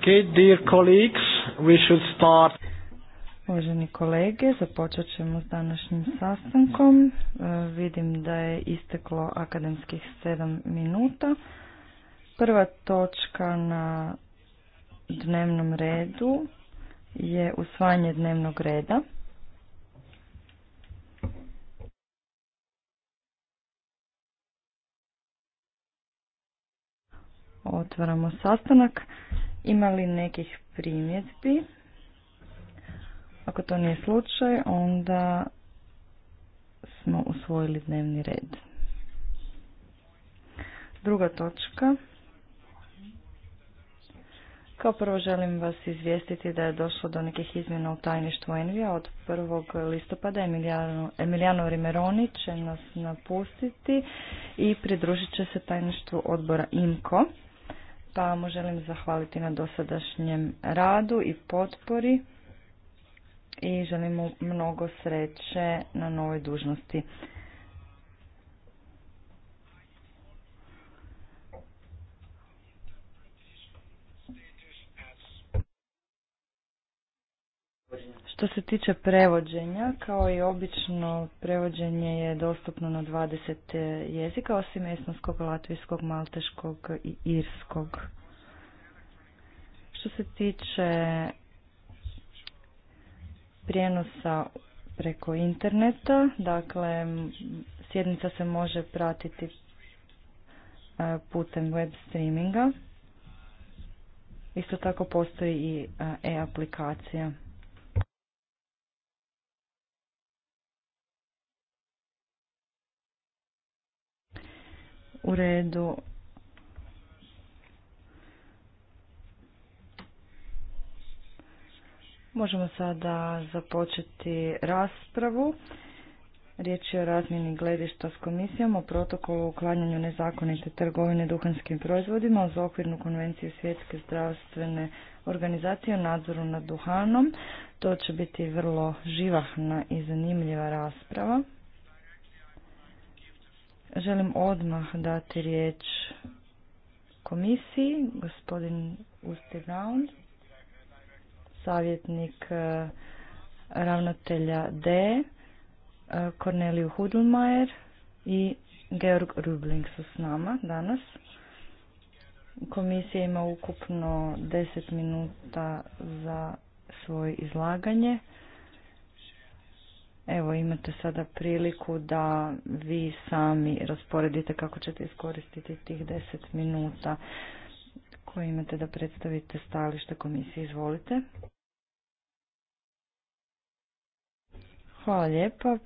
Okay, dear colleagues, we should start. Uvaženi kolege, započet ćemo s današnjim sastankom. E, vidim da je isteklo akademskih sedam minuta. Prva točka na dnevnom redu je usvajanje dnevnog reda. Otvaramo sastanak. Ima li nekih primjedbi? Ako to nije slučaj, onda smo usvojili dnevni red. Druga točka. Kao prvo želim vas izvijestiti da je došlo do nekih izmjena u tajništvu Envija. Od 1. listopada Emiliano, Emiliano Rimeroni će nas napustiti i pridružit će se tajništvu odbora IMKO pa mu želim zahvaliti na dosadašnjem radu i potpori i želim mu mnogo sreće na novoj dužnosti. Što se tiče prevođenja, kao i obično, prevođenje je dostupno na 20 jezika, osim estonskog, latvijskog, malteškog i irskog. Što se tiče prijenosa preko interneta, dakle, sjednica se može pratiti e, putem web streaminga. Isto tako postoji i e, e-aplikacija. U redu. Možemo sada započeti raspravu. Riječ je o razmjeni gledišta s komisijom o protokolu o uklanjanju nezakonite trgovine duhanskim proizvodima uz okvirnu konvenciju Svjetske zdravstvene organizacije o nadzoru nad duhanom. To će biti vrlo živahna i zanimljiva rasprava. Želim odmah dati riječ komisiji, gospodin Usti Raun, savjetnik e, ravnatelja D, Korneliju e, Hudlmajer i Georg Rubling su s nama danas. Komisija ima ukupno 10 minuta za svoje izlaganje. Evo imate sada priliku da vi sami rasporedite kako ćete iskoristiti tih deset minuta koje imate da predstavite stajalište komisije. Izvolite. Hvala lijepa.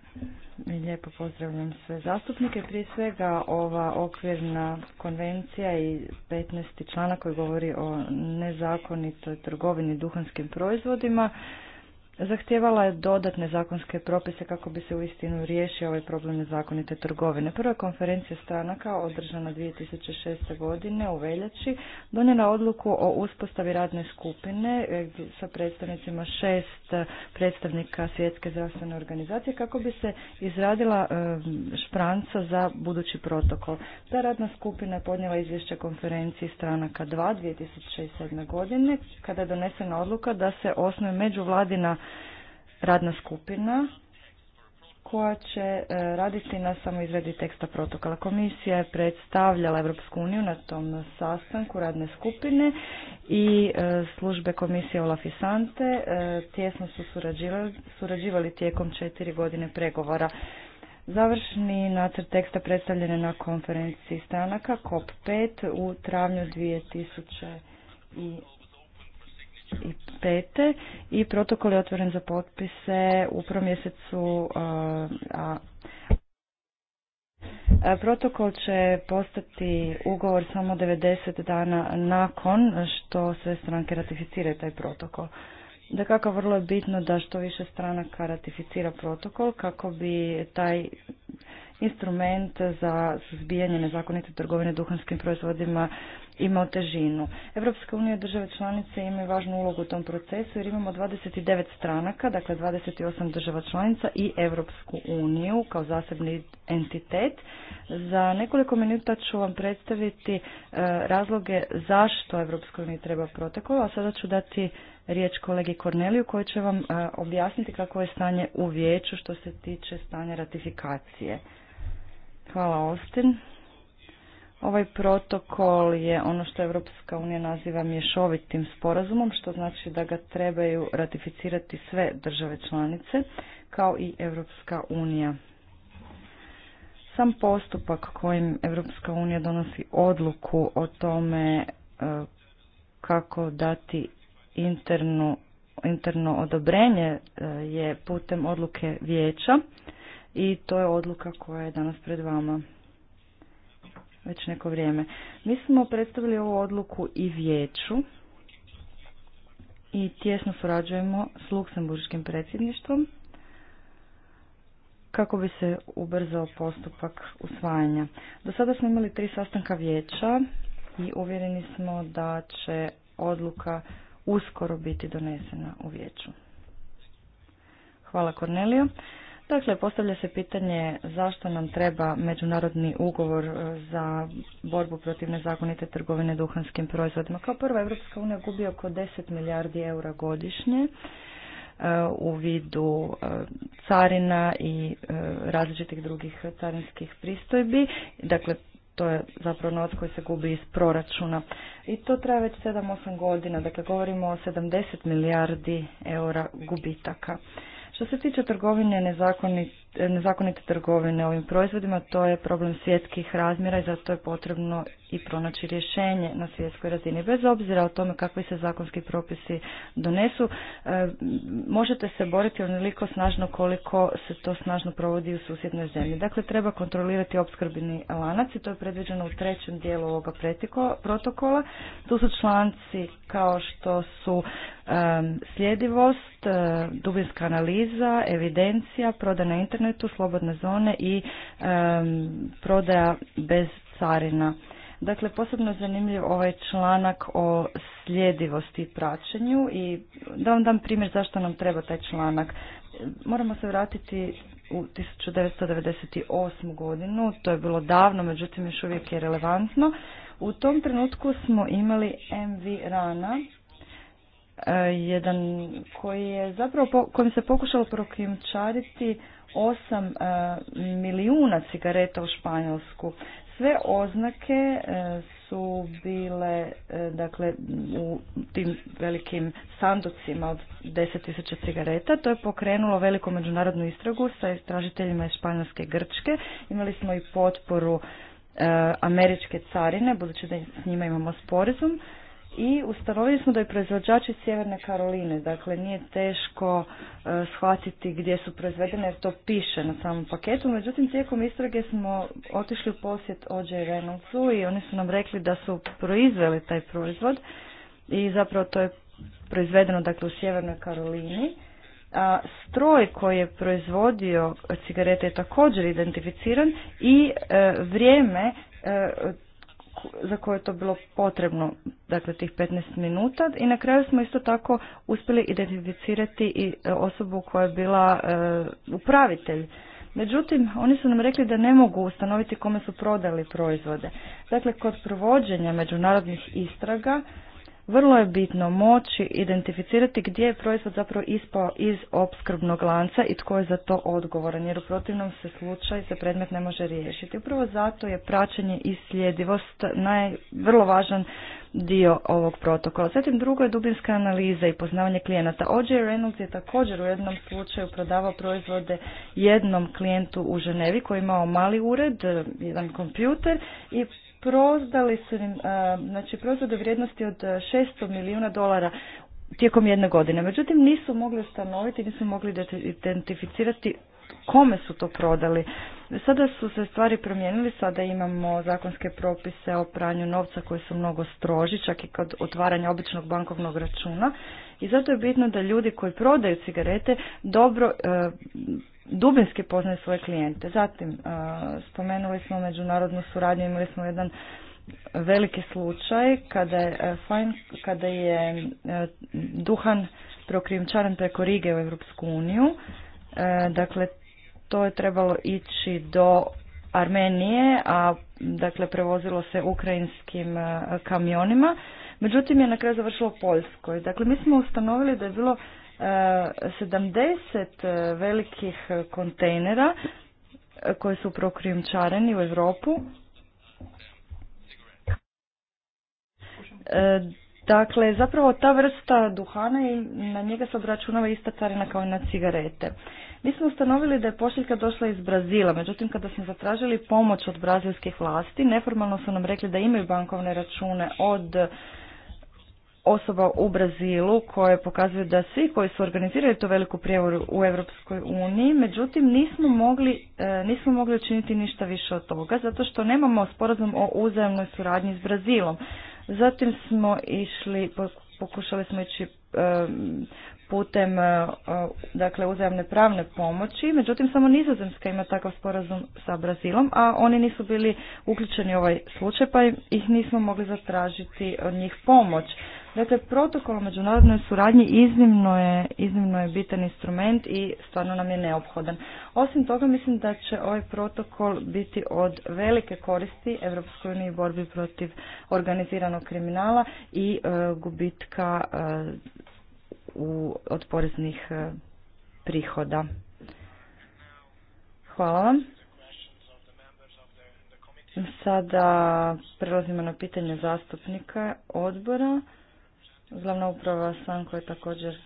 Lijepo pozdravljam sve zastupnike. Prije svega ova okvirna konvencija i 15. članak koji govori o nezakonitoj trgovini duhanskim proizvodima zahtjevala je dodatne zakonske propise kako bi se u istinu riješio ovaj problem nezakonite trgovine. Prva konferencija stranaka održana 2006. godine u Veljači donijela odluku o uspostavi radne skupine e, sa predstavnicima šest predstavnika Svjetske zdravstvene organizacije kako bi se izradila e, špranca za budući protokol. Ta radna skupina je podnijela izvješće konferenciji stranaka 2 2007. godine kada je donesena odluka da se osnuje međuvladina radna skupina koja će e, raditi na samo izradi teksta protokola. Komisija je predstavljala Europsku uniju na tom sastanku radne skupine i e, službe komisije Olaf i Sante e, tjesno su surađivali, tijekom četiri godine pregovora. Završni nacrt teksta predstavljen na konferenciji stranaka COP5 u travnju 2000 2005. i protokol je otvoren za potpise u prvom mjesecu eh, a Protokol će postati ugovor samo 90 dana nakon što sve stranke ratificiraju taj protokol. Da kako vrlo je bitno da što više stranaka ratificira protokol kako bi taj instrument za suzbijanje nezakonite trgovine duhanskim proizvodima imao težinu. Evropska unija i države članice imaju važnu ulogu u tom procesu jer imamo 29 stranaka, dakle 28 država članica i Evropsku uniju kao zasebni entitet. Za nekoliko minuta ću vam predstaviti e, razloge zašto Evropskoj uniji treba protokol, a sada ću dati riječ kolegi Korneliju koji će vam e, objasniti kako je stanje u vijeću što se tiče stanja ratifikacije. Hvala Austin. Ovaj protokol je ono što Evropska unija naziva mješovitim sporazumom, što znači da ga trebaju ratificirati sve države članice, kao i Evropska unija. Sam postupak kojim Evropska unija donosi odluku o tome e, kako dati interno odobrenje e, je putem odluke vijeća i to je odluka koja je danas pred vama već neko vrijeme. Mi smo predstavili ovu odluku i vijeću i tjesno surađujemo s Luksemburgskim predsjedništvom kako bi se ubrzao postupak usvajanja. Do sada smo imali tri sastanka vijeća i uvjereni smo da će odluka uskoro biti donesena u vijeću. Hvala Kornelio. Dakle, postavlja se pitanje zašto nam treba međunarodni ugovor e, za borbu protiv nezakonite trgovine duhanskim proizvodima. Kao prva, Evropska unija gubi oko 10 milijardi eura godišnje e, u vidu e, carina i različitih drugih carinskih pristojbi. Dakle, to je zapravo novac koji se gubi iz proračuna. I to traje već 7-8 godina, dakle govorimo o 70 milijardi eura gubitaka. Što se tiče trgovine nezakonitim nezakonite trgovine ovim proizvodima, to je problem svjetskih razmjera i zato je potrebno i pronaći rješenje na svjetskoj razini. Bez obzira o tome kakvi se zakonski propisi donesu, e, možete se boriti onoliko snažno koliko se to snažno provodi u susjednoj zemlji. Dakle, treba kontrolirati opskrbini lanac i to je predviđeno u trećem dijelu ovoga protokola. Tu su članci kao što su e, sljedivost, e, dubinska analiza, evidencija, prodana internet, internetu, slobodne zone i prodaja bez carina. Dakle, posebno zanimljiv ovaj članak o sljedivosti i praćenju i da vam dam primjer zašto nam treba taj članak. Moramo se vratiti u 1998. godinu, to je bilo davno, međutim još uvijek je relevantno. U tom trenutku smo imali MV Rana, eh, jedan koji je zapravo, kojim se pokušalo prokimčariti 8 e, milijuna cigareta u Španjolsku. Sve oznake e, su bile e, dakle, u tim velikim sanducima od 10.000 cigareta. To je pokrenulo veliku međunarodnu istragu sa istražiteljima iz Španjolske Grčke. Imali smo i potporu američke carine, budući da s njima imamo sporazum i ustanovili smo da je proizvođač iz Sjeverne Karoline, dakle nije teško e, shvatiti gdje su proizvedene jer to piše na samom paketu, međutim tijekom istrage smo otišli u posjet Ođe i Reynoldsu i oni su nam rekli da su proizveli taj proizvod i zapravo to je proizvedeno dakle u Sjevernoj Karolini. A, stroj koji je proizvodio cigarete je također identificiran i e, vrijeme e, za koje je to bilo potrebno, dakle tih 15 minuta. I na kraju smo isto tako uspjeli identificirati i e, osobu koja je bila e, upravitelj. Međutim, oni su nam rekli da ne mogu ustanoviti kome su prodali proizvode. Dakle, kod provođenja međunarodnih istraga vrlo je bitno moći identificirati gdje je proizvod zapravo ispao iz opskrbnog lanca i tko je za to odgovoran, jer u protivnom se slučaj se predmet ne može riješiti. Upravo zato je praćenje i sljedivost vrlo važan dio ovog protokola. Zatim drugo je dubinska analiza i poznavanje klijenata. O.J. Reynolds je također u jednom slučaju prodavao proizvode jednom klijentu u Ženevi koji je imao mali ured, jedan kompjuter i prozdali su e, znači prozdali vrijednosti od 600 milijuna dolara tijekom jedne godine. Međutim, nisu mogli ustanoviti, nisu mogli identificirati kome su to prodali. Sada su se stvari promijenili, sada imamo zakonske propise o pranju novca koji su mnogo stroži, čak i kod otvaranja običnog bankovnog računa. I zato je bitno da ljudi koji prodaju cigarete dobro e, dubinski poznaje svoje klijente. Zatim, e, spomenuli smo međunarodnu suradnju, imali smo jedan veliki slučaj kada je, e, kada je e, duhan prokrijumčaren preko Rige u Europsku uniju. Dakle, to je trebalo ići do Armenije, a dakle prevozilo se ukrajinskim kamionima. Međutim je na kraju završilo u Poljskoj. Dakle, mi smo ustanovili da je bilo 70 eh, velikih kontejnera eh, koji su prokrijumčareni u Europu. Eh, dakle, zapravo ta vrsta duhana i na njega se obračunava ista carina kao i na cigarete. Mi smo ustanovili da je pošiljka došla iz Brazila, međutim kada smo zatražili pomoć od brazilskih vlasti, neformalno su nam rekli da imaju bankovne račune od osoba u Brazilu koje pokazuje da svi koji su organizirali tu veliku prijevoru u Europskoj uniji, međutim nismo mogli, e, nismo mogli učiniti ništa više od toga zato što nemamo sporazum o uzajamnoj suradnji s Brazilom. Zatim smo išli, pokušali smo ići e, putem e, e, dakle uzajamne pravne pomoći, međutim samo Nizozemska ima takav sporazum sa Brazilom, a oni nisu bili uključeni u ovaj slučaj pa ih nismo mogli zatražiti od njih pomoć. Dakle, protokol o međunarodnoj suradnji iznimno je, iznimno je bitan instrument i stvarno nam je neophodan. Osim toga, mislim da će ovaj protokol biti od velike koristi Evropskoj uniji borbi protiv organiziranog kriminala i e, gubitka u, od poreznih e, prihoda. Hvala vam. Sada prelazimo na pitanje zastupnika odbora. Glavna uprava Sanko je također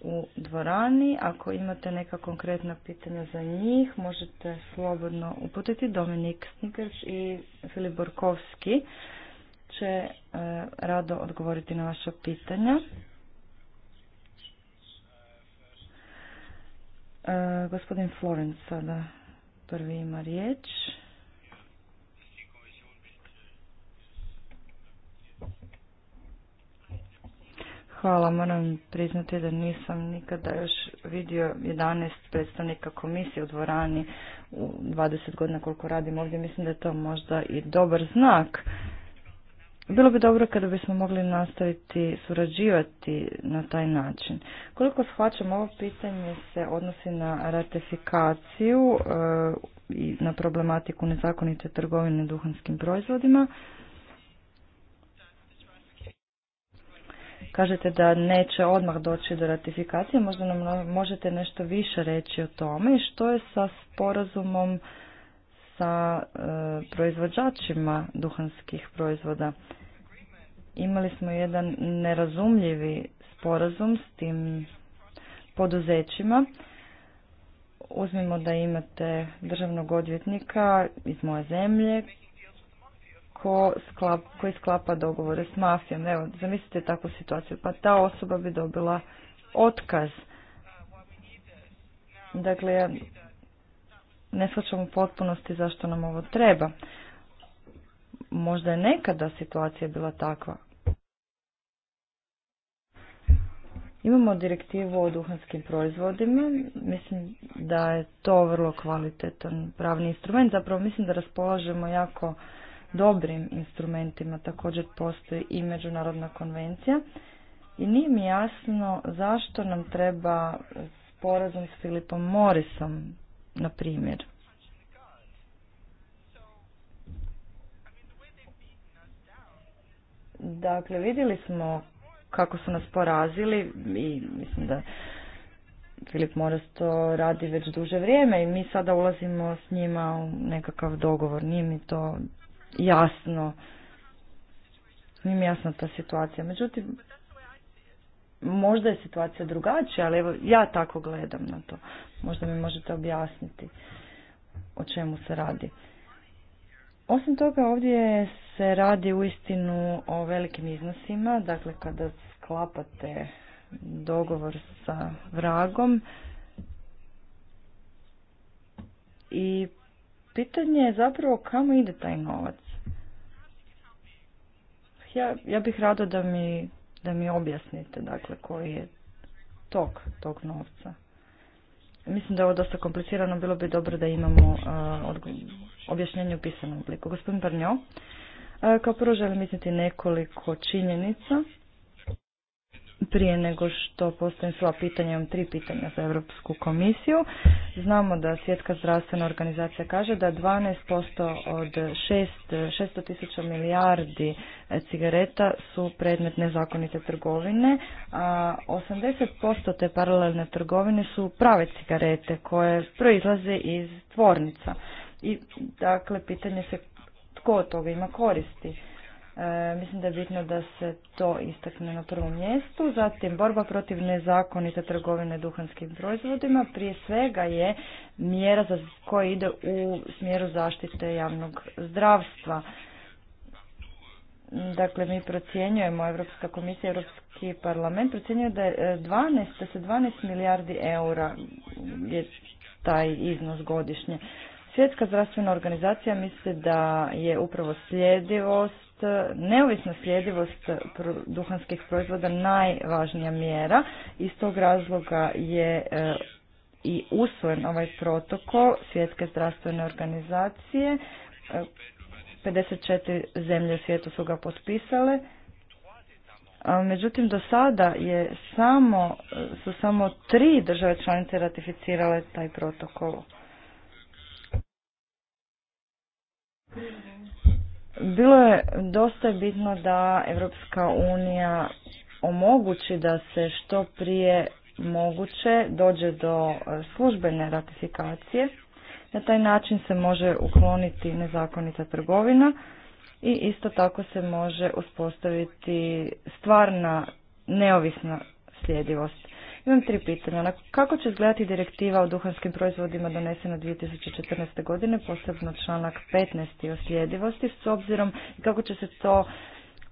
u dvorani. Ako imate neka konkretna pitanja za njih, možete slobodno uputiti Dominik Snikers i Filip Borkovski će e, rado odgovoriti na vaša pitanja. E, gospodin Florenc sada prvi ima riječ. Hvala, moram priznati da nisam nikada još vidio 11 predstavnika komisije u dvorani u 20 godina koliko radim ovdje. Mislim da je to možda i dobar znak bilo bi dobro kada bismo mogli nastaviti surađivati na taj način. Koliko shvaćam, ovo pitanje se odnosi na ratifikaciju e, i na problematiku nezakonite trgovine duhanskim proizvodima. Kažete da neće odmah doći do ratifikacije, možda nam možete nešto više reći o tome i što je sa sporazumom sa e, proizvođačima duhanskih proizvoda imali smo jedan nerazumljivi sporazum s tim poduzećima. Uzmimo da imate državnog odvjetnika iz moje zemlje ko koji sklapa dogovore s mafijom. Evo, zamislite takvu situaciju. Pa ta osoba bi dobila otkaz. Dakle, ja ne shvaćam u potpunosti zašto nam ovo treba možda je nekada situacija bila takva. Imamo direktivu o duhanskim proizvodima, mislim da je to vrlo kvalitetan pravni instrument, zapravo mislim da raspolažemo jako dobrim instrumentima, također postoji i međunarodna konvencija i nije mi jasno zašto nam treba sporazum s Filipom Morisom, na primjer. Dakle, vidjeli smo kako su nas porazili i mislim da Filip Moras to radi već duže vrijeme i mi sada ulazimo s njima u nekakav dogovor. Nije mi to jasno. Nije mi jasna ta situacija. Međutim, možda je situacija drugačija, ali evo, ja tako gledam na to. Možda mi možete objasniti o čemu se radi. Osim toga ovdje se radi uistinu o velikim iznosima, dakle kada sklapate dogovor sa vragom i pitanje je zapravo kamo ide taj novac. Ja, ja bih rado da mi, da mi objasnite dakle koji je tok tog novca. Mislim da je ovo dosta komplicirano, bilo bi dobro da imamo e, objašnjenje u pisanom obliku. Gospodin Barnjo, e, kao prvo želim izniti nekoliko činjenica prije nego što postavim sva pitanja, imam tri pitanja za Europsku komisiju. Znamo da Svjetska zdravstvena organizacija kaže da 12% od 6, 600 tisuća milijardi cigareta su predmet nezakonite trgovine, a 80% te paralelne trgovine su prave cigarete koje proizlaze iz tvornica. I dakle, pitanje se tko od toga ima koristi E, mislim da je bitno da se to istakne na prvom mjestu. Zatim, borba protiv nezakonite trgovine duhanskim proizvodima prije svega je mjera za koja ide u smjeru zaštite javnog zdravstva. Dakle, mi procjenjujemo, Europska komisija, Europski parlament procjenjuje da, je 12, e, da se 12 milijardi eura je taj iznos godišnje. Svjetska zdravstvena organizacija misli da je upravo sljedivost neovisna sljedivost duhanskih proizvoda najvažnija mjera. Iz tog razloga je e, i usvojen ovaj protokol Svjetske zdravstvene organizacije. 54 e, zemlje u svijetu su ga potpisale. Međutim, do sada je samo, su samo tri države članice ratificirale taj protokol. Bilo je dosta bitno da Europska unija omogući da se što prije moguće dođe do e, službene ratifikacije. Na taj način se može ukloniti nezakonita trgovina i isto tako se može uspostaviti stvarna neovisna sljedivost. Imam tri pitanja. Kako će izgledati direktiva o duhanskim proizvodima donesena 2014. godine, posebno članak 15. o s obzirom kako će se to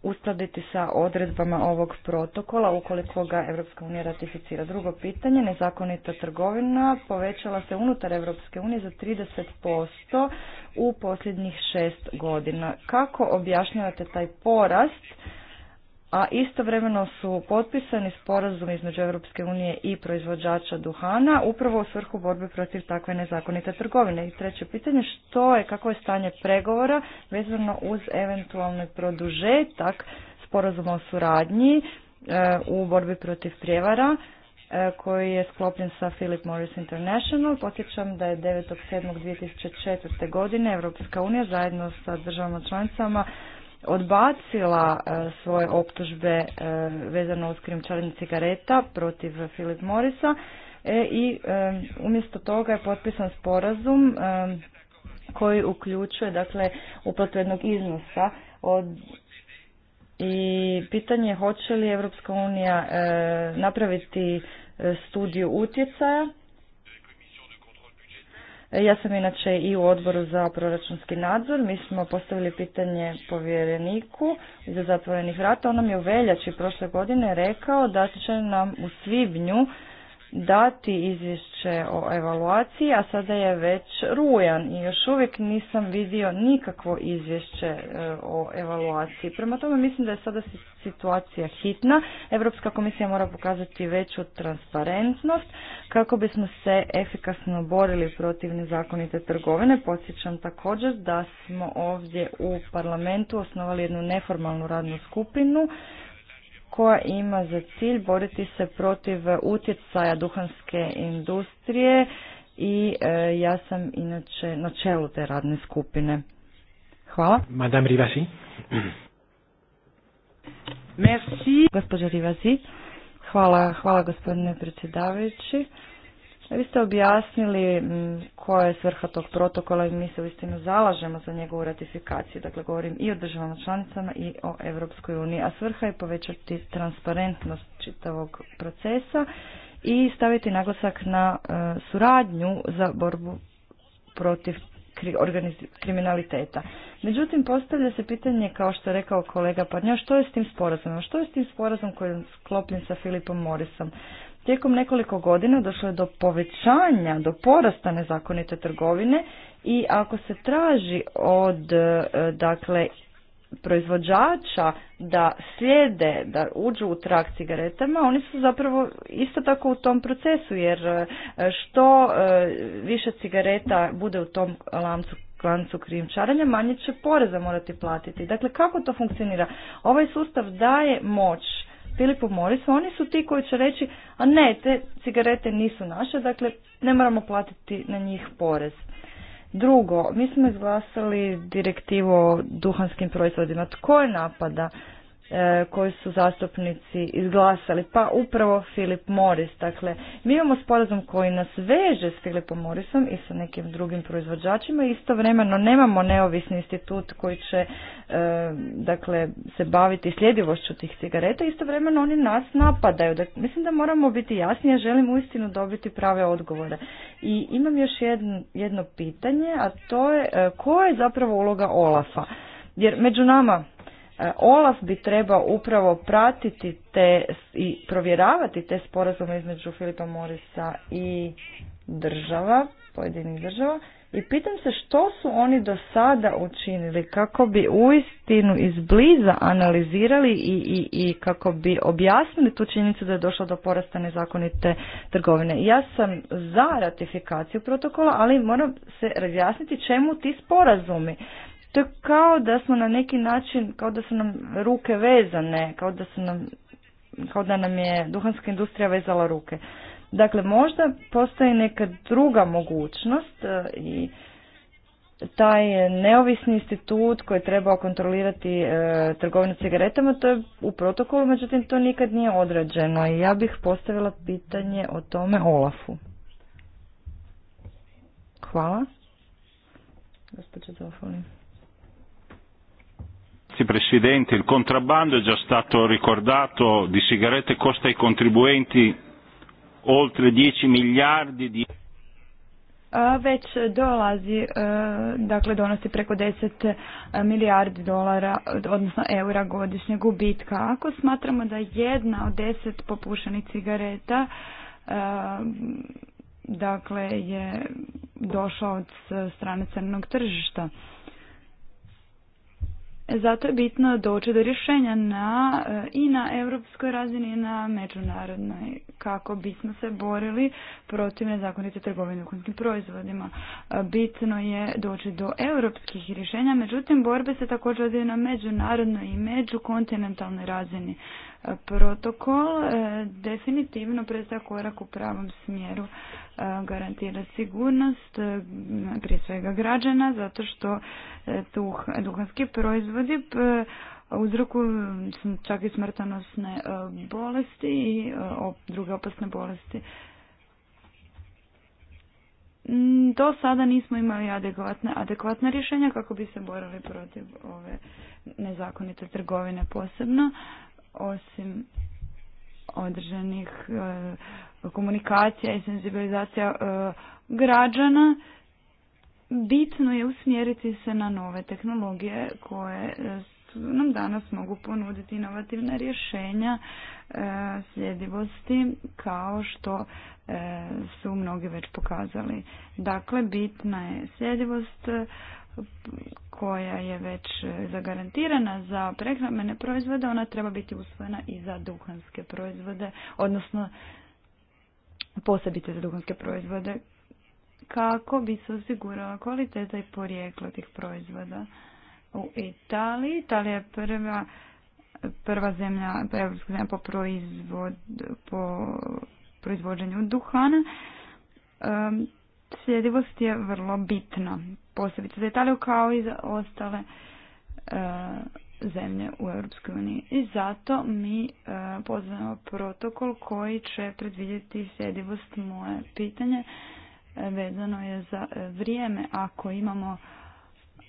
uskladiti sa odredbama ovog protokola ukoliko ga Europska unija ratificira. Drugo pitanje, nezakonita trgovina povećala se unutar Europske unije za 30% u posljednjih šest godina. Kako objašnjavate taj porast a istovremeno su potpisani sporazum između Europske unije i proizvođača duhana upravo u svrhu borbe protiv takve nezakonite trgovine. I treće pitanje, što je, kako je stanje pregovora vezano uz eventualni produžetak sporazuma o suradnji e, u borbi protiv prijevara e, koji je sklopljen sa Philip Morris International. Podsjećam da je 9.7.2004. godine Europska unija zajedno sa državama članicama odbacila e, svoje optužbe e, vezano uz krimčarenje cigareta protiv Philip Morrisa e, i umjesto toga je potpisan sporazum koji uključuje dakle uplatu jednog iznosa od i pitanje je hoće li Europska unija napraviti studiju utjecaja ja sam inače i u odboru za proračunski nadzor. Mi smo postavili pitanje povjereniku za zatvorenih vrata. On nam je u veljači prošle godine rekao da će nam u svibnju dati izvješće o evaluaciji, a sada je već rujan i još uvijek nisam vidio nikakvo izvješće e, o evaluaciji. Prema tome mislim da je sada situacija hitna. Europska komisija mora pokazati veću transparentnost kako bismo se efikasno borili protiv nezakonite trgovine. Podsjećam također da smo ovdje u parlamentu osnovali jednu neformalnu radnu skupinu koja ima za cilj boriti se protiv utjecaja duhanske industrije i e, ja sam inače na čelu te radne skupine. Hvala. Madame Rivasi. Merci. Gospođa Rivasi. Hvala, hvala gospodine predsjedavajući. Vi ste objasnili koja je svrha tog protokola i mi se istinu zalažemo za njegovu ratifikaciju. Dakle, govorim i o državama članicama i o Europskoj uniji. A svrha je povećati transparentnost čitavog procesa i staviti naglasak na e, suradnju za borbu protiv kriminaliteta. Međutim, postavlja se pitanje, kao što je rekao kolega Parnja, što je s tim sporazumom? Što je s tim sporazum koji je sklopljen sa Filipom Morisom? Tijekom nekoliko godina došlo je do povećanja, do porasta nezakonite trgovine i ako se traži od e, dakle proizvođača da slijede, da uđu u trak cigaretama, oni su zapravo isto tako u tom procesu, jer e, što e, više cigareta bude u tom lancu lancu krijumčarenja, manje će poreza morati platiti. Dakle, kako to funkcionira? Ovaj sustav daje moć Filipu Morisu, oni su ti koji će reći, a ne, te cigarete nisu naše, dakle ne moramo platiti na njih porez. Drugo, mi smo izglasali direktivu o duhanskim proizvodima. Tko je napada? koji su zastupnici izglasali, pa upravo Filip Moris. Dakle, mi imamo sporazum koji nas veže s Filipom Morisom i sa nekim drugim proizvođačima istovremeno nemamo neovisni institut koji će e, dakle, se baviti sljedivošću tih cigareta, istovremeno oni nas napadaju. Dakle, mislim da moramo biti jasni, ja želim uistinu dobiti prave odgovore. I imam još jedno, jedno pitanje, a to je e, koja je zapravo uloga Olafa? Jer među nama E, Olaf bi trebao upravo pratiti te i provjeravati te sporazume između Filipa Morisa i država, pojedinih država. I pitam se što su oni do sada učinili kako bi uistinu izbliza analizirali i, i, i kako bi objasnili tu činjenicu da je došlo do porasta nezakonite trgovine. Ja sam za ratifikaciju protokola, ali moram se razjasniti čemu ti sporazumi. To je kao da smo na neki način, kao da su nam ruke vezane, kao da su nam kao da nam je duhanska industrija vezala ruke. Dakle, možda postoji neka druga mogućnost e, i taj neovisni institut koji je trebao kontrolirati e, trgovinu cigaretama, to je u protokolu, međutim to nikad nije određeno. i ja bih postavila pitanje o tome Olafu. Hvala. Gospođa Grazie Presidente. Il contrabbando è già stato ricordato di sigarette costa ai contribuenti oltre 10 miliardi di već dolazi, e, dakle donosi preko 10 e, milijardi dolara, odnosno eura godišnjeg gubitka. Ako smatramo da jedna od deset popušenih cigareta e, dakle je došla od strane crnog tržišta. Zato je bitno doći do rješenja na, e, i na europskoj razini i na međunarodnoj kako bismo se borili protiv nezakonite trgovine kunskim proizvodima. E, bitno je doći do europskih rješenja, međutim borbe se također odvijaju na međunarodnoj i međukontinentalnoj razini protokol e, definitivno predstavlja korak u pravom smjeru e, garantira sigurnost e, prije svega građana zato što tuh, duhanski proizvodi uzrokuju čak i smrtonosne bolesti i druge opasne bolesti. Mm, do sada nismo imali adekvatne adekvatna rješenja kako bi se borili protiv ove nezakonite trgovine posebno osim održanih e, komunikacija i senzibilizacija e, građana, bitno je usmjeriti se na nove tehnologije koje e, nam danas mogu ponuditi inovativna rješenja sljedivosti kao što su mnogi već pokazali. Dakle, bitna je sljedivost koja je već zagarantirana za prehrambene proizvode, ona treba biti usvojena i za duhanske proizvode, odnosno posebice za duhanske proizvode, kako bi se osigurala kvaliteta i porijeklo tih proizvoda. U Italiji, Italija je prva, prva zemlja, po, proizvod, po proizvođenju duhana, um, Sljedivost je vrlo bitna posebice za Italiju kao i za ostale e, zemlje u Europskoj uniji. I zato mi e, poznamo protokol koji će predvidjeti sjedivost moje pitanje e, vezano je za vrijeme ako imamo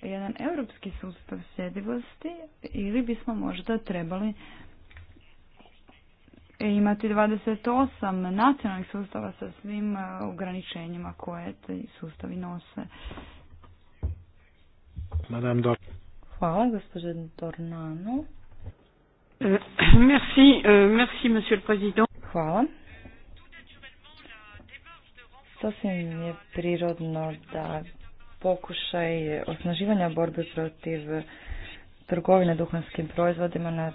jedan europski sustav sjedivosti ili bismo možda trebali imati 28 nacionalnih sustava sa svim e, ograničenjima koje ti sustavi nose. Madame Dor. Hvala, gospodine Dornano. Euh, merci, euh, merci, monsieur le président. Hvala. Sasvim je prirodno da pokušaj osnaživanja borbe protiv trgovine duhanskim proizvodima na,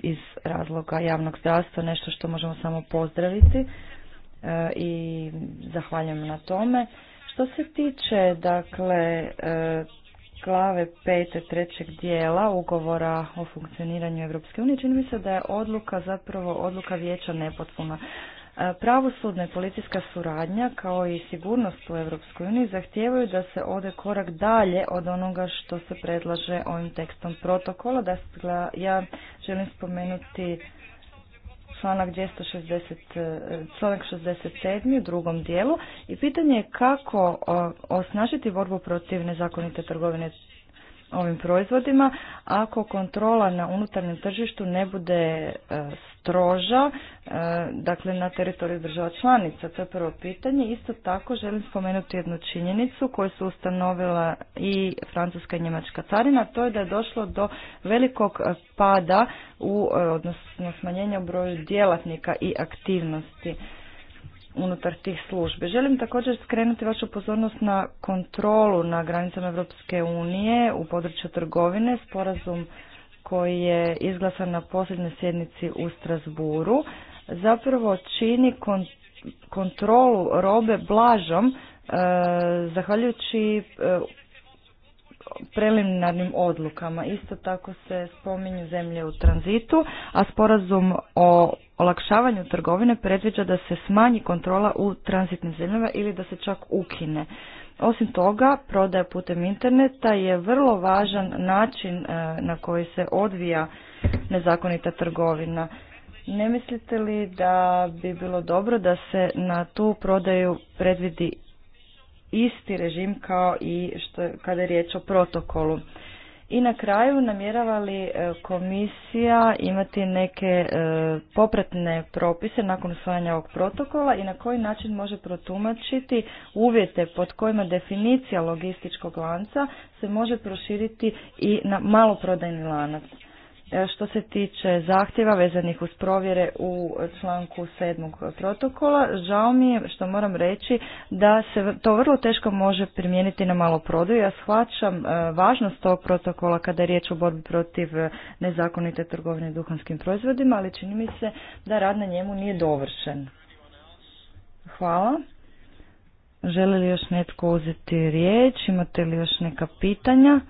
iz razloga javnog zdravstva, nešto što možemo samo pozdraviti eh, i zahvaljujem na tome. Što se tiče dakle eh, glave pete trećeg dijela ugovora o funkcioniranju Europske unije čini mi se da je odluka zapravo odluka vijeća nepotpuna. E, pravosudna i policijska suradnja kao i sigurnost u Europskoj uniji zahtijevaju da se ode korak dalje od onoga što se predlaže ovim tekstom protokola. da ja želim spomenuti članak 260, e, članak 67. u drugom dijelu i pitanje je kako e, osnažiti borbu protiv nezakonite trgovine ovim proizvodima ako kontrola na unutarnjem tržištu ne bude e, stroža, e, dakle na teritoriju država članica. To je prvo pitanje. Isto tako želim spomenuti jednu činjenicu koju su ustanovila i francuska i njemačka carina, to je da je došlo do velikog e, pada u odnosno smanjenja u broju djelatnika i aktivnosti unutar tih službi. Želim također skrenuti vašu pozornost na kontrolu na granicama Europske unije u području trgovine, sporazum koji je izglasan na posljednjoj sjednici u Strasburu, zapravo čini kontrolu robe blažom e, zahvaljujući e, preliminarnim odlukama. Isto tako se spominju zemlje u tranzitu, a sporazum o olakšavanju trgovine predviđa da se smanji kontrola u tranzitnim zemljama ili da se čak ukine. Osim toga, prodaja putem interneta je vrlo važan način e, na koji se odvija nezakonita trgovina. Ne mislite li da bi bilo dobro da se na tu prodaju predvidi isti režim kao i što, kada je riječ o protokolu. I na kraju namjerava li e, komisija imati neke e, popratne propise nakon usvajanja ovog protokola i na koji način može protumačiti uvjete pod kojima definicija logističkog lanca se može proširiti i na maloprodajni lanac. E, što se tiče zahtjeva vezanih uz provjere u članku 7. protokola, žao mi je što moram reći da se to vrlo teško može primijeniti na maloprodaju. Ja shvaćam e, važnost tog protokola kada je riječ o borbi protiv e, nezakonite trgovine duhanskim proizvodima, ali čini mi se da rad na njemu nije dovršen. Hvala. Želi li još netko uzeti riječ? Imate li još neka pitanja?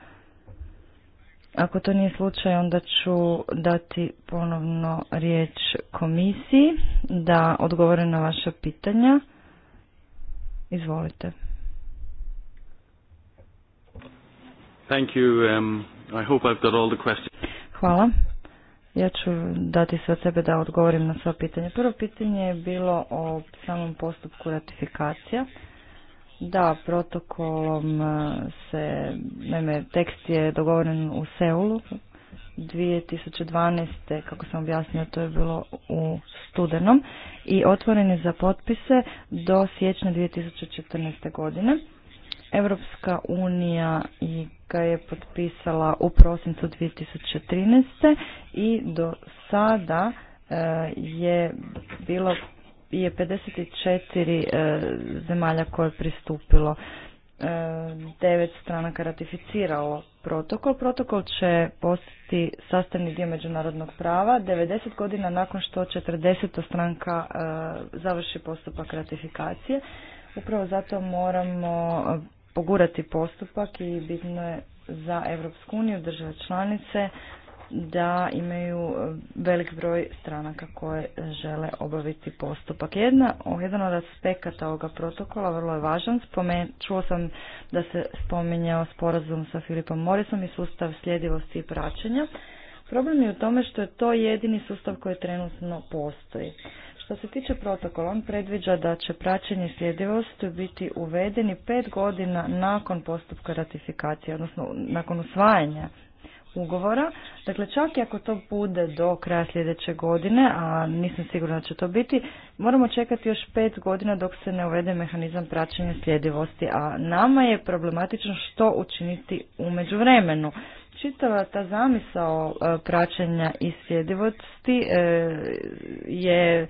Ako to nije slučaj, onda ću dati ponovno riječ komisiji da odgovore na vaša pitanja. Izvolite. Hvala. Ja ću dati sve od sebe da odgovorim na sva pitanja. Prvo pitanje je bilo o samom postupku ratifikacija. Da, protokolom e, se, naime, tekst je dogovoren u Seulu 2012. kako sam objasnila, to je bilo u studenom i otvoren je za potpise do siječnja 2014. godine. Europska unija ga je potpisala u prosincu 2013. i do sada e, je bilo je 54 e, zemalja koje je pristupilo. 9 e, stranaka ratificiralo protokol. Protokol će postati sastavni dio međunarodnog prava 90 godina nakon što 40. stranka e, završi postupak ratifikacije. Upravo zato moramo pogurati postupak i bitno je za EU uniju, države članice da imaju e, velik broj stranaka koje žele obaviti postupak. Jedna, jedan od aspekata ovoga protokola vrlo je važan. čuo sam da se spominjao sporazum sa Filipom Morisom i sustav sljedivosti i praćenja. Problem je u tome što je to jedini sustav koji trenutno postoji. Što se tiče protokola, on predviđa da će praćenje sljedivosti biti uvedeni pet godina nakon postupka ratifikacije, odnosno nakon usvajanja ugovora. Dakle, čak i ako to bude do kraja sljedeće godine, a nisam sigurna da će to biti, moramo čekati još pet godina dok se ne uvede mehanizam praćenja sljedivosti, a nama je problematično što učiniti u međuvremenu. Čitava ta zamisao e, praćenja i sljedivosti e, je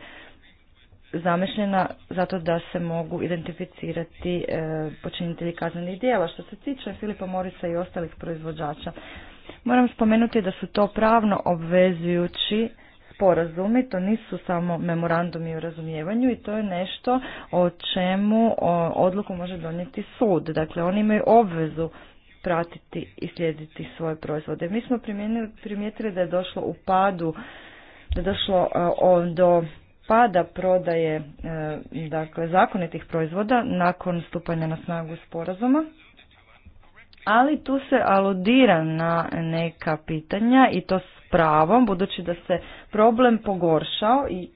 zamišljena zato da se mogu identificirati e, počinitelji kaznenih djela. Što se tiče Filipa Morisa i ostalih proizvođača, Moram spomenuti da su to pravno obvezujući sporazumi, to nisu samo memorandumi o razumijevanju i to je nešto o čemu odluku može donijeti sud. Dakle, oni imaju obvezu pratiti i slijediti svoje proizvode. Mi smo primijetili da je došlo u padu, da je došlo e, do pada prodaje e, dakle, zakonitih proizvoda nakon stupanja na snagu sporazuma ali tu se aludira na neka pitanja i to s pravom, budući da se problem pogoršao i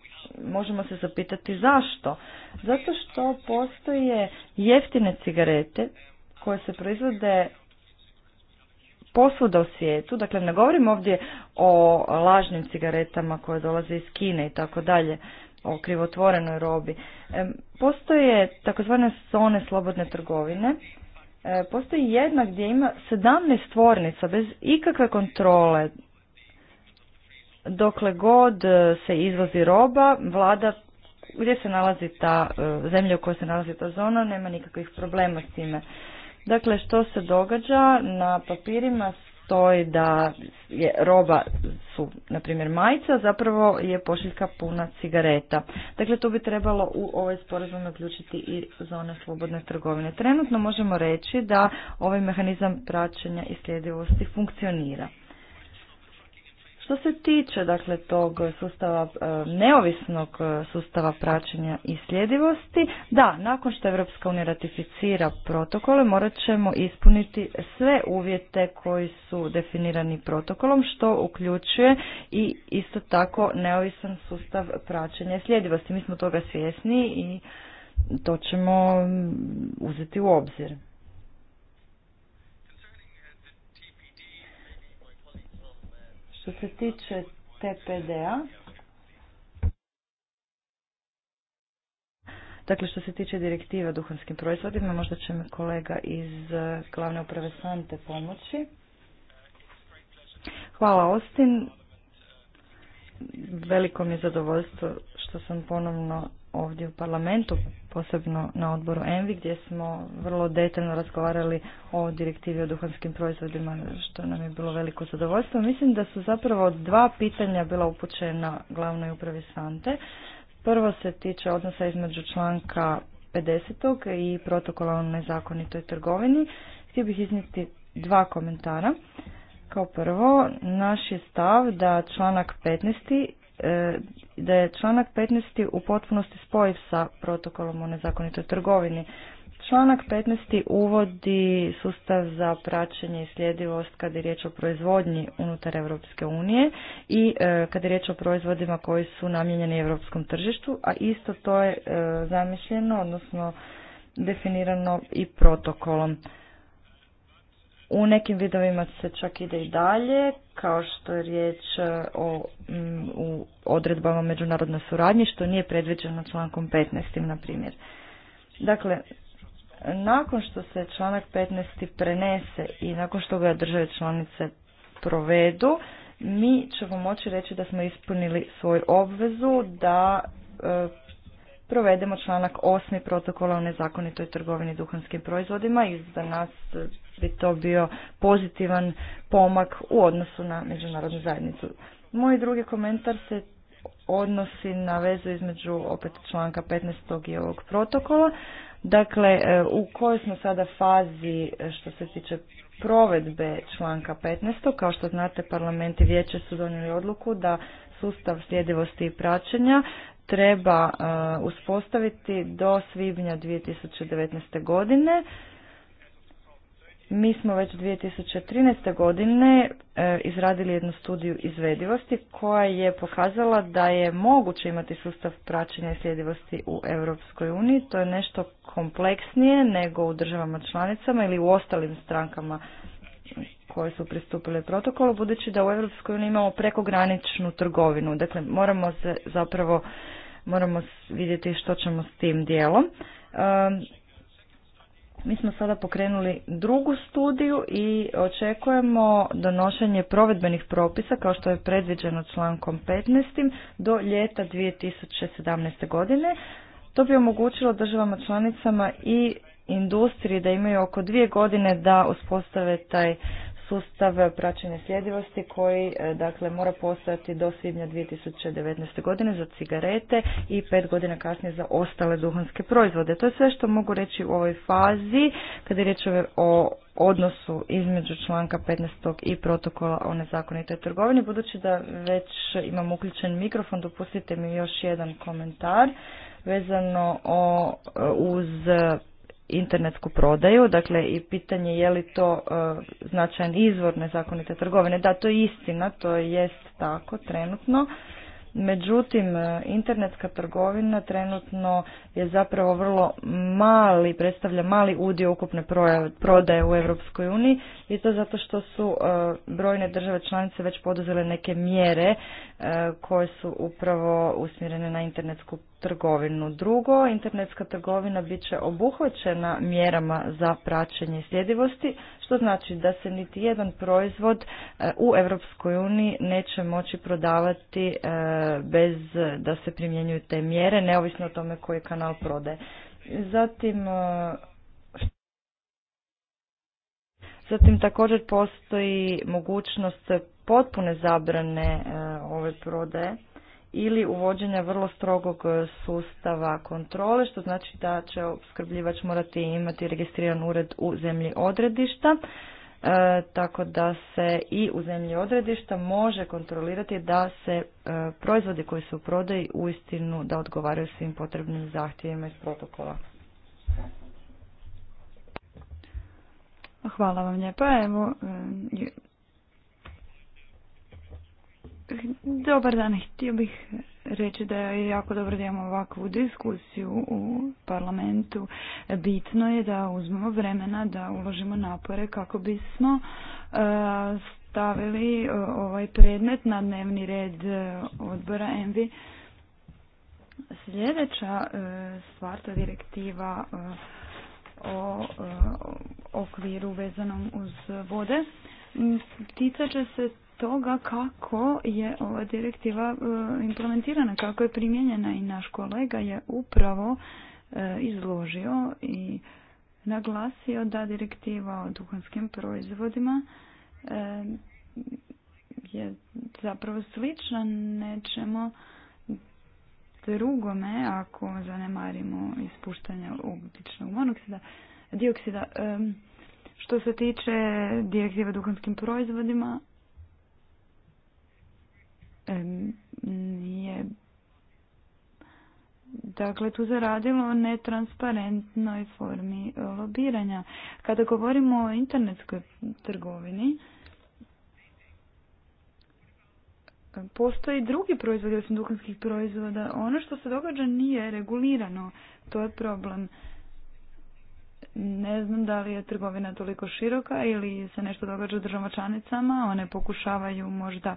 možemo se zapitati zašto. Zato što postoje jeftine cigarete koje se proizvode posvuda u svijetu, dakle ne govorim ovdje o lažnim cigaretama koje dolaze iz Kine i tako dalje, o krivotvorenoj robi. Postoje takozvane zone slobodne trgovine E, postoji jedna gdje ima 17 tvornica bez ikakve kontrole. Dokle god e, se izvozi roba, vlada gdje se nalazi ta e, zemlja u kojoj se nalazi ta zona, nema nikakvih problema s time. Dakle, što se događa? Na papirima stoji da je roba su, na primjer, majica, zapravo je pošiljka puna cigareta. Dakle, tu bi trebalo u ovaj sporazum uključiti i zone slobodne trgovine. Trenutno možemo reći da ovaj mehanizam praćenja i sljedivosti funkcionira. Što se tiče dakle tog sustava e, neovisnog e, sustava praćenja i sljedivosti, da, nakon što Evropska unija ratificira protokole, morat ćemo ispuniti sve uvjete koji su definirani protokolom, što uključuje i isto tako neovisan sustav praćenja i sljedivosti. Mi smo toga svjesni i to ćemo mm, uzeti u obzir. Što se tiče TPD-a, Dakle, što se tiče direktiva duhanskim proizvodima, možda će me kolega iz eh, glavne uprave Sante pomoći. Hvala, Austin. Veliko mi je zadovoljstvo što sam ponovno ovdje u parlamentu, posebno na odboru ENVI gdje smo vrlo detaljno razgovarali o direktivi o duhanskim proizvodima što nam je bilo veliko zadovoljstvo. Mislim da su zapravo dva pitanja bila upućena glavnoj upravi Sante. Prvo se tiče odnosa između članka 50. i protokola o nezakonitoj trgovini. Htio bih iznijeti dva komentara. Kao prvo, naš je stav da članak 15. E, da je članak 15. u potpunosti spojiv sa protokolom o nezakonitoj trgovini. Članak 15. uvodi sustav za praćenje i sljedivost kada je riječ o proizvodnji unutar Europske unije i e, kada je riječ o proizvodima koji su namijenjeni europskom tržištu, a isto to je e, zamišljeno, odnosno definirano i protokolom. U nekim vidovima se čak ide i dalje, kao što je riječ o odredbama međunarodne suradnje što nije predviđeno člankom 15. na primjer. Dakle, nakon što se članak 15. prenese i nakon što ga države članice provedu, mi ćemo moći reći da smo ispunili svoju obvezu da e, provedemo članak 8. protokola o nezakonitoj trgovini duhanskim proizvodima i za nas bi to bio pozitivan pomak u odnosu na međunarodnu zajednicu. Moj drugi komentar se odnosi na vezu između opet članka 15. i ovog protokola. Dakle, e, u kojoj smo sada fazi što se tiče provedbe članka 15. Kao što znate, parlament i vijeće su donijeli odluku da sustav sljedivosti i praćenja treba e, uspostaviti do svibnja 2019. godine mi smo već 2013. godine e, izradili jednu studiju izvedivosti koja je pokazala da je moguće imati sustav praćenja i u Europskoj uniji. To je nešto kompleksnije nego u državama članicama ili u ostalim strankama koje su pristupile protokolu, budući da u Europskoj uniji imamo prekograničnu trgovinu. Dakle, moramo se zapravo moramo vidjeti što ćemo s tim dijelom. Ehm, mi smo sada pokrenuli drugu studiju i očekujemo donošenje provedbenih propisa kao što je predviđeno člankom 15. do ljeta 2017. godine. To bi omogućilo državama članicama i industriji da imaju oko dvije godine da uspostave taj sustav praćenja sljedivosti koji e, dakle mora postojati do svibnja 2019. godine za cigarete i pet godina kasnije za ostale duhanske proizvode. To je sve što mogu reći u ovoj fazi kada je riječ o odnosu između članka 15. i protokola o nezakonitoj trgovini. Budući da već imam uključen mikrofon, dopustite mi još jedan komentar vezano o, e, uz internetsku prodaju, dakle i pitanje je li to e, značajan izvor nezakonite trgovine. Da, to je istina, to jest tako trenutno. Međutim, e, internetska trgovina trenutno je zapravo vrlo mali, predstavlja mali udio ukupne prodaje u Europskoj uniji i to zato što su e, brojne države članice već poduzele neke mjere e, koje su upravo usmjerene na internetsku trgovinu. Drugo, internetska trgovina bit će obuhvaćena mjerama za praćenje sljedivosti, što znači da se niti jedan proizvod e, u Europskoj uniji neće moći prodavati e, bez da se primjenjuju te mjere, neovisno o tome koji kanal prode. Zatim e, Zatim također postoji mogućnost potpune zabrane ove prodaje ili uvođenja vrlo strogog e, sustava kontrole, što znači da će opskrbljivač morati imati registriran ured u zemlji odredišta, e, tako da se i u zemlji odredišta može kontrolirati da se e, proizvodi koji su u prodaji uistinu da odgovaraju svim potrebnim zahtjevima iz protokola. Hvala vam lijepa. Evo, Dobar dan, htio bih reći da je jako dobro da imamo ovakvu diskusiju u parlamentu. Bitno je da uzmemo vremena, da uložimo napore kako bismo e, stavili e, ovaj predmet na dnevni red e, odbora ENVI. Sljedeća stvar, to direktiva o okviru vezanom uz vode, ticat će se toga kako je ova direktiva e, implementirana, kako je primijenjena i naš kolega je upravo e, izložio i naglasio da direktiva o duhanskim proizvodima e, je zapravo slična nečemu drugome ako zanemarimo ispuštanje ugljičnog monoksida, dioksida. Što se tiče direktive duhanskim proizvodima, nije dakle tu zaradilo o netransparentnoj formi lobiranja. Kada govorimo o internetskoj trgovini, postoji drugi proizvod osim duhanskih proizvoda. Ono što se događa nije regulirano. To je problem. Ne znam da li je trgovina toliko široka ili se nešto događa u državama članicama. One pokušavaju možda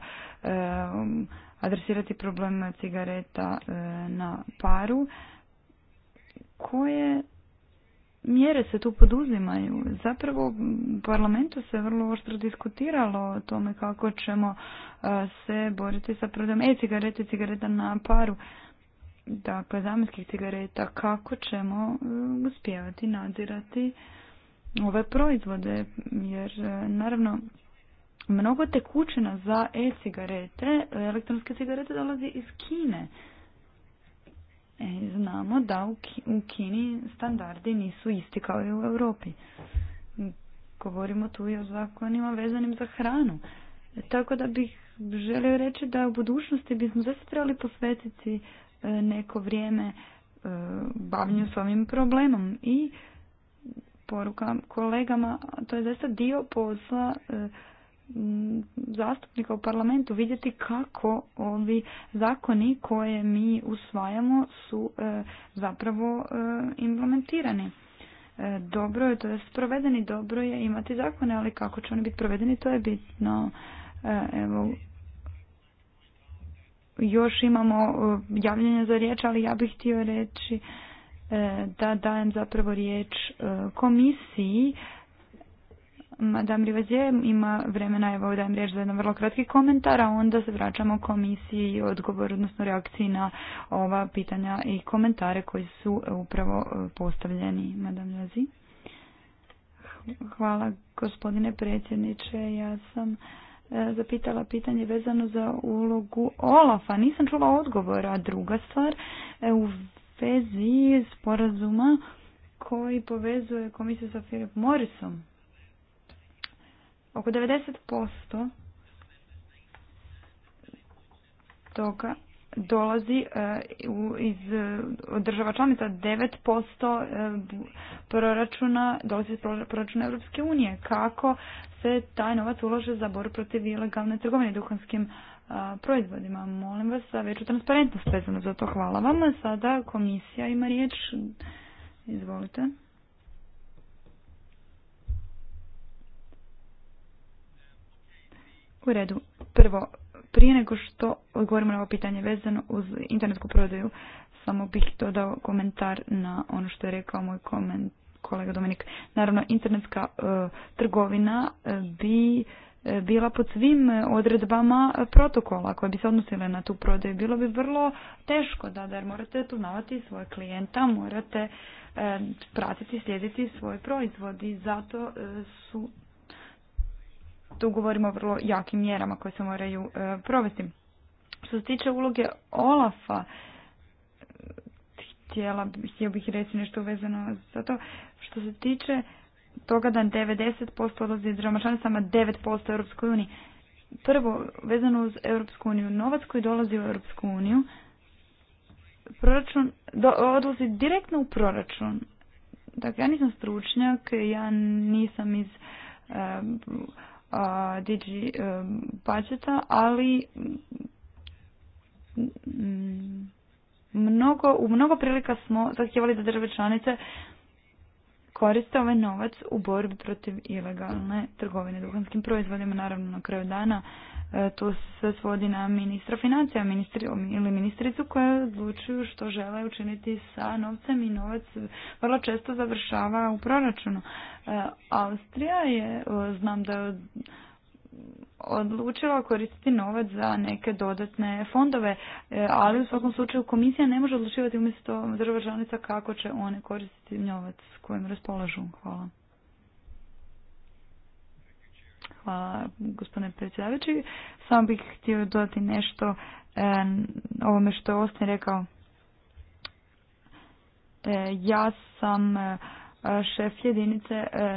adresirati problem cigareta na paru. Koje mjere se tu poduzimaju? Zapravo u parlamentu se vrlo oštro diskutiralo o tome kako ćemo se boriti sa problemom e-cigarete cigareta na paru dakle, zamjenskih cigareta, kako ćemo um, uspjevati nadzirati ove proizvode, jer e, naravno mnogo tekućina za e-cigarete, elektronske cigarete dolazi iz Kine. E, znamo da u Kini standardi nisu isti kao i u Europi. Govorimo tu i o zakonima vezanim za hranu. E, tako da bih želio reći da u budućnosti bismo trebali posvetiti E, neko vrijeme e, bavljenju s ovim problemom i poruka kolegama, to je zaista dio posla e, zastupnika u parlamentu vidjeti kako ovi zakoni koje mi usvajamo su zapravo implementirani. Dobro je to je sprovedeni provedeni, dobro je imati zakone, ali kako će oni biti provedeni, to je bitno. Evo, još imamo e, javljanje za riječ, ali ja bih htio reći e, da dajem zapravo riječ e, komisiji. Madame Rivazije ima vremena, evo dajem riječ za jedan vrlo kratki komentar, a onda se vraćamo komisiji i odgovor, odnosno reakciji na ova pitanja i komentare koji su upravo postavljeni. Madame Rivazije. Hvala gospodine predsjedniče, ja sam E, zapitala pitanje vezano za ulogu Olafa. Nisam čula odgovora. druga stvar, e, u vezi sporazuma koji povezuje komisiju sa Philip Morrisom. Oko 90% toga dolazi e, iz država članica 9% proračuna dolazi iz proračuna Europske unije. Kako se taj novac ulože za bor protiv ilegalne trgovine duhanskim proizvodima. Molim vas za veću transparentnost vezano za to. Hvala vam. Sada komisija ima riječ. Izvolite. U redu. Prvo, prije nego što odgovorimo na ovo pitanje vezano uz internetsku prodaju, samo bih dodao komentar na ono što je rekao moj komentar kolega Dominik. Naravno, internetska e, trgovina e, bi e, bila pod svim odredbama protokola koje bi se odnosile na tu prodaju. Bilo bi vrlo teško, da, jer morate tunavati svoje klijenta, morate pratiti, slijediti svoje proizvod i zato su tu govorimo o vrlo jakim mjerama koje se moraju provesti. Što se tiče uloge Olafa, htjela, htio bih reći nešto vezano za to. Što se tiče toga da 90% odlazi državama članicama, 9% Europskoj uniji. Prvo, vezano uz Europsku uniju, novac koji dolazi u Europsku uniju, proračun, do, odlazi direktno u proračun. Dakle, ja nisam stručnjak, ja nisam iz uh, DG uh, budžeta, ali mm, mnogo, u mnogo prilika smo zahtjevali da države članice koriste ovaj novac u borbi protiv ilegalne trgovine duhanskim proizvodima. Naravno, na kraju dana e, to se svodi na ministra financija ministri, ili ministricu koja odlučuju što žele učiniti sa novcem i novac vrlo često završava u proračunu. E, Austrija je, e, znam da je odlučila koristiti novac za neke dodatne fondove, e, ali u svakom slučaju komisija ne može odlučivati umjesto država članica kako će one koristiti novac s kojim raspolažu. Hvala. Hvala gospodine predsjedavajući. Samo bih htio dodati nešto e, ovome što je rekao. E, ja sam šef jedinice e,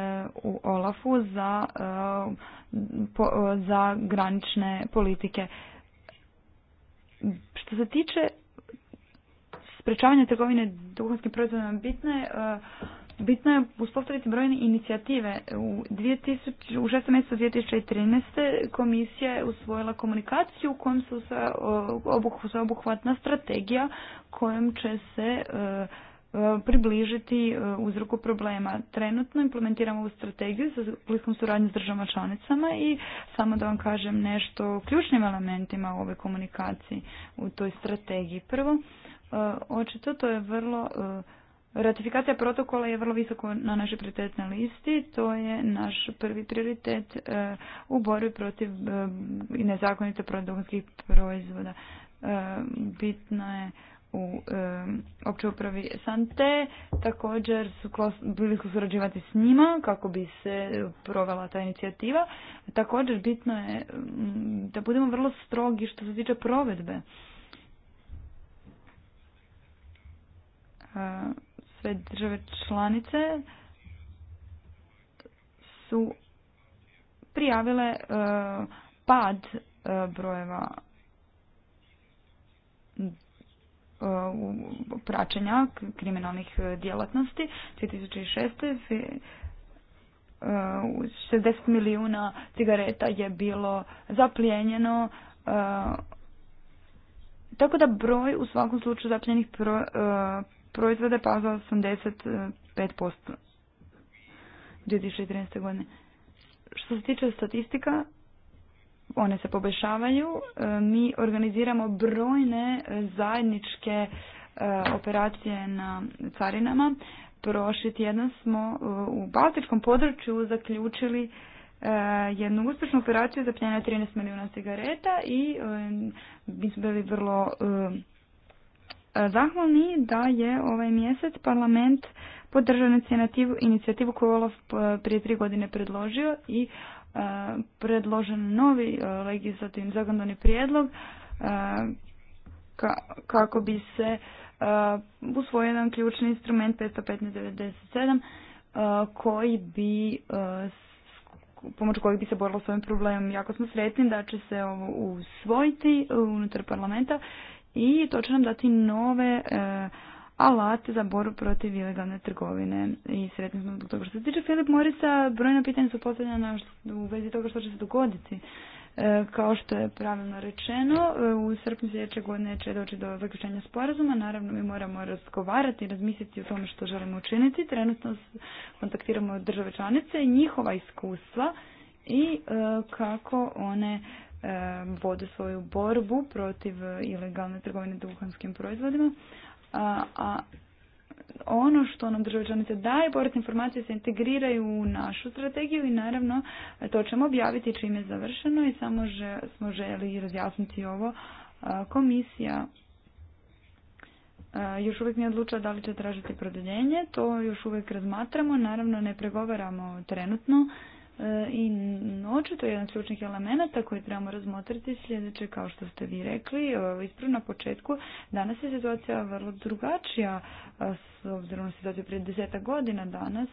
u Olafu za, e, za granične politike. Što se tiče sprečavanja trgovine duhanskim proizvodima bitno je e, Bitno je uspostaviti brojne inicijative. U, 2000, u 6. mjesecu 2013. komisija je usvojila komunikaciju u kojom se obuhvatna strategija kojom će se E, približiti e, uzroku problema. Trenutno implementiramo ovu strategiju sa bliskom suradnju s državama članicama i samo da vam kažem nešto o ključnim elementima u ovoj komunikaciji u toj strategiji. Prvo, e, očito to je vrlo Ratifikacija protokola je vrlo visoko na našoj prioritetnoj listi, to je naš prvi prioritet u borbi protiv nezakonite produkcijskih proizvoda. Bitno je u um, općoj upravi Sante. Također su klos, bili su surađivati s njima kako bi se provela ta inicijativa. Također bitno je da budemo vrlo strogi što se tiče provedbe. sve države članice su prijavile pad brojeva E, praćenja kriminalnih e, djelatnosti 2006. 60 e, milijuna cigareta je bilo zaplijenjeno tako da broj u svakom slučaju zapljenih proizvoda je pao za 85% 2013. godine. Što se tiče statistika, one se poboljšavaju. E, mi organiziramo brojne zajedničke e, operacije na carinama. Prošli tjedan smo e, u Baltičkom području zaključili jednu uspješnu operaciju za pljenje 13 milijuna cigareta i mi smo bili vrlo zahvalni da je ovaj mjesec parlament podržao inicijativu, inicijativu koju Olaf prije tri godine predložio i E, predložen novi e, legislativni zakonodavni prijedlog e, kako bi se usvojio jedan ključni instrument 515.97 koji bi pomoću kojeg bi se borilo s ovim problemom. Jako smo sretni da će se ovo usvojiti unutar parlamenta i to će nam dati nove alat za boru protiv ilegalne trgovine i sretni smo zbog toga. Što se tiče Filip Morisa, brojna pitanja su postavljena u vezi toga što će se dogoditi. E, kao što je pravilno rečeno, e, u srpnju sljedeće godine će doći do zaključenja sporazuma. Naravno, mi moramo razgovarati i razmisliti o tome što želimo učiniti. Trenutno kontaktiramo države članice, njihova iskustva i e, kako one vode svoju borbu protiv ilegalne trgovine duhanskim proizvodima, a ono što nam država članice daje, povratne informacije se integriraju u našu strategiju i naravno to ćemo objaviti čim je završeno i samo že, smo želi razjasniti ovo. Komisija još uvijek ne odluča da li će tražiti produljenje, to još uvijek razmatramo, naravno ne pregovaramo trenutno E, I očito jedan od ključnih elemenata koji trebamo razmotriti sljedeće, kao što ste vi rekli, e, ispravno na početku, danas je situacija vrlo drugačija e, s obzirom na situaciju prije deseta godina. Danas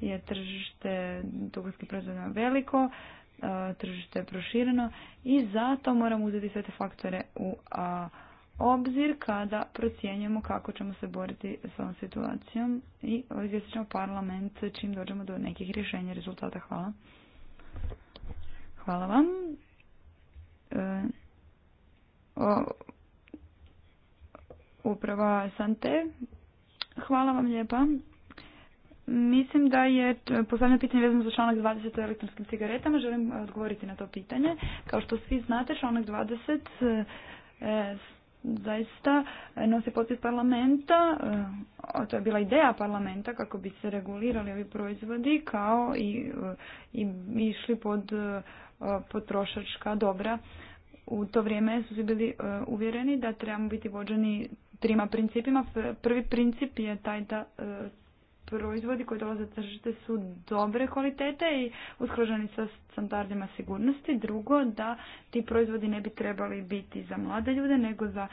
je tržište dugovskih proizvoda veliko, tržište je prošireno i zato moramo uzeti sve te faktore u a, obzir kada procjenjujemo kako ćemo se boriti s ovom situacijom i ćemo parlament čim dođemo do nekih rješenja i rezultata. Hvala. Hvala vam. E, uprava Sante. Hvala vam lijepa. Mislim da je postavljeno pitanje vezano za članak 20 o elektronskim cigaretama. Želim odgovoriti na to pitanje. Kao što svi znate, članak 20 zaista nosi potpis parlamenta, e, a to je bila ideja parlamenta kako bi se regulirali ovi proizvodi kao i, e, i išli pod e, potrošačka dobra. U to vrijeme su bili uvjereni da trebamo biti vođeni trima principima. Prvi princip je taj da proizvodi koji dolaze za tržište su dobre kvalitete i uskroženi sa standardima sigurnosti. Drugo, da ti proizvodi ne bi trebali biti za mlade ljude, nego za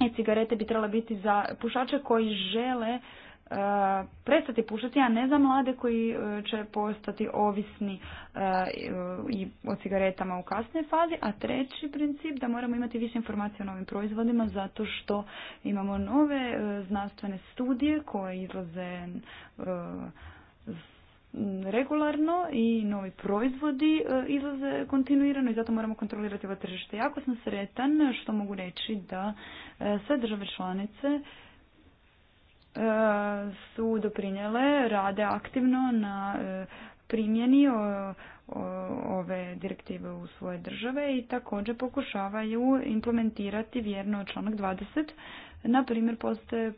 e cigarete bi trebale biti za pušače koji žele prestati pušati, a ne za mlade koji e, će postati ovisni e, i o cigaretama u kasnoj fazi. A treći princip da moramo imati više informacija o novim proizvodima zato što imamo nove e, znanstvene studije koje izlaze regularno i novi proizvodi izlaze kontinuirano i zato moramo kontrolirati ovo tržište. Jako sam sretan što mogu reći da sve države članice su doprinjele, rade aktivno na e, primjeni ove direktive u svoje države i također pokušavaju implementirati vjerno članak 20. Na primjer, postoje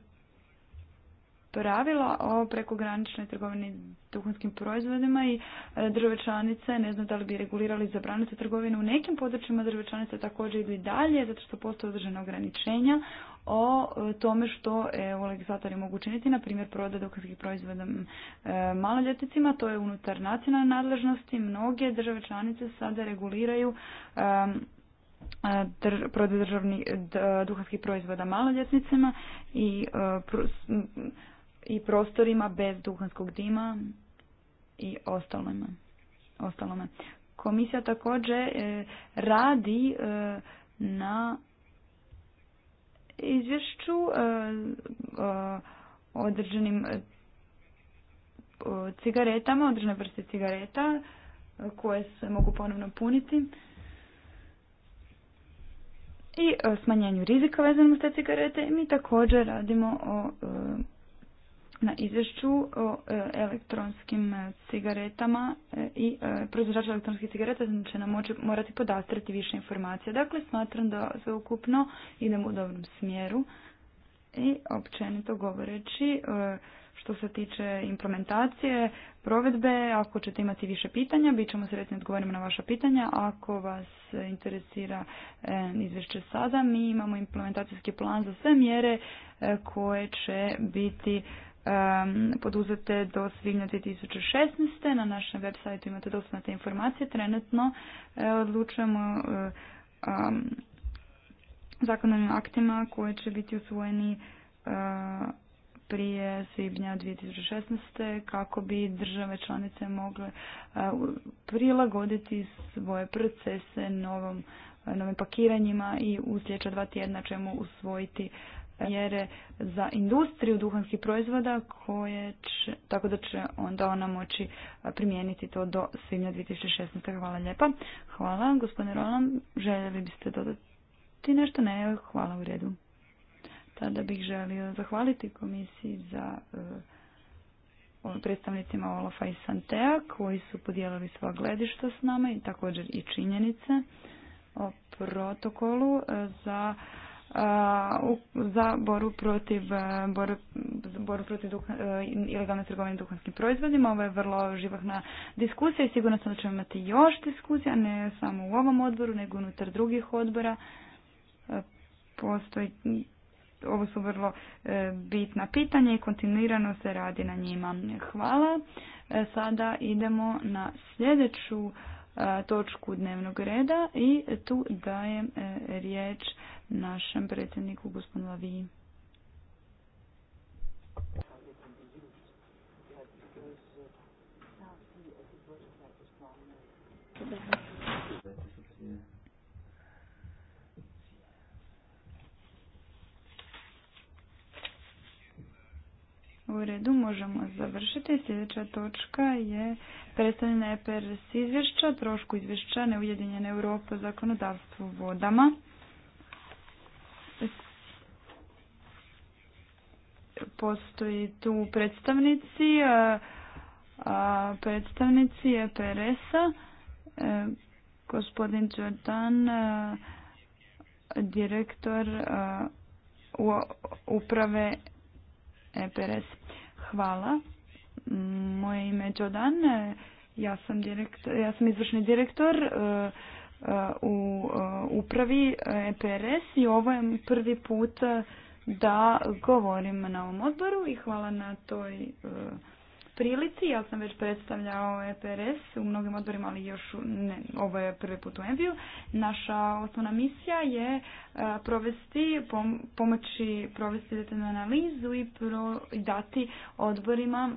pravila o prekograničnoj trgovini duhanskim proizvodima i e, države članice, ne znam da li bi regulirali zabranice trgovinu u nekim područjima države članice također idu i dalje, zato što postoje određena ograničenja o e, tome što evo, legislatori mogu učiniti, na primjer proda duhanskih proizvoda e, maloljetnicima, to je unutar nacionalne nadležnosti, mnoge države članice sada reguliraju prodaju prodaj državnih duhanskih proizvoda maloljetnicima i i prostorima bez duhanskog dima i ostalome. Komisija također e, radi e, na izvješću e, određenim cigaretama, određene vrste cigareta koje se mogu ponovno puniti i smanjenju rizika vezanom s te cigarete. Mi također radimo o na izvješću o e, elektronskim e, cigaretama e, i proizvođač elektronskih cigareta znači će nam morati podastrati više informacija. Dakle, smatram da sveukupno idemo u dobrom smjeru i općenito govoreći što se tiče implementacije, provedbe, ako ćete imati više pitanja, bit ćemo sretni odgovorimo na vaša pitanja. Ako vas interesira izvješće sada, mi imamo implementacijski plan za sve mjere koje će biti poduzete do svibnja 2016. Na našem web sajtu imate dostupne informacije. Trenutno e, odlučujemo e, zakonovnim aktima koji će biti usvojeni e, prije svibnja 2016. kako bi države članice mogle prilagoditi svoje procese novom novim pakiranjima i u sljedeća dva tjedna ćemo usvojiti mjere za industriju duhanskih proizvoda koje će, tako da će onda ona moći primijeniti to do svibnja 2016. Hvala lijepa. Hvala, gospodine Roland. Željeli biste dodati nešto? Ne, hvala u redu. Tada bih želio zahvaliti komisiji za e, predstavnicima Olafa i Santea koji su podijelili svoja gledišta s nama i također i činjenice o protokolu e, za za boru protiv, e, boru, protiv e, ilegalne trgovine duhanskim proizvodima. Ovo je vrlo živahna diskusija i sigurno sam da ćemo imati još diskusija, ne samo u ovom odboru, nego unutar drugih odbora. E, postoji, ovo su vrlo bitna pitanja i kontinuirano se radi na njima. Hvala. Sada idemo na sljedeću točku dnevnog reda i tu dajem riječ našem predsjedniku gospodinu Laviji. U redu možemo završiti. Sljedeća točka je predstavljena EPRS izvješća, trošku izvješća Neujedinjena Europa, o vodama. Postoji tu predstavnici, e, predstavnici EPRS-a, e, gospodin Jordan, e, direktor uprave EPRS. Hvala. Moje ime je Đordan ja sam, direktor, ja sam izvršni direktor u e, upravi EPRS e i ovo je prvi put e, da govorim na ovom odboru i hvala na toj prilici. Ja sam već predstavljao EPRS u mnogim odborima, ali još ne, ovo je prvi put u Enviju. Naša osnovna misija je provesti, pomoći provesti detaljnu analizu i dati odborima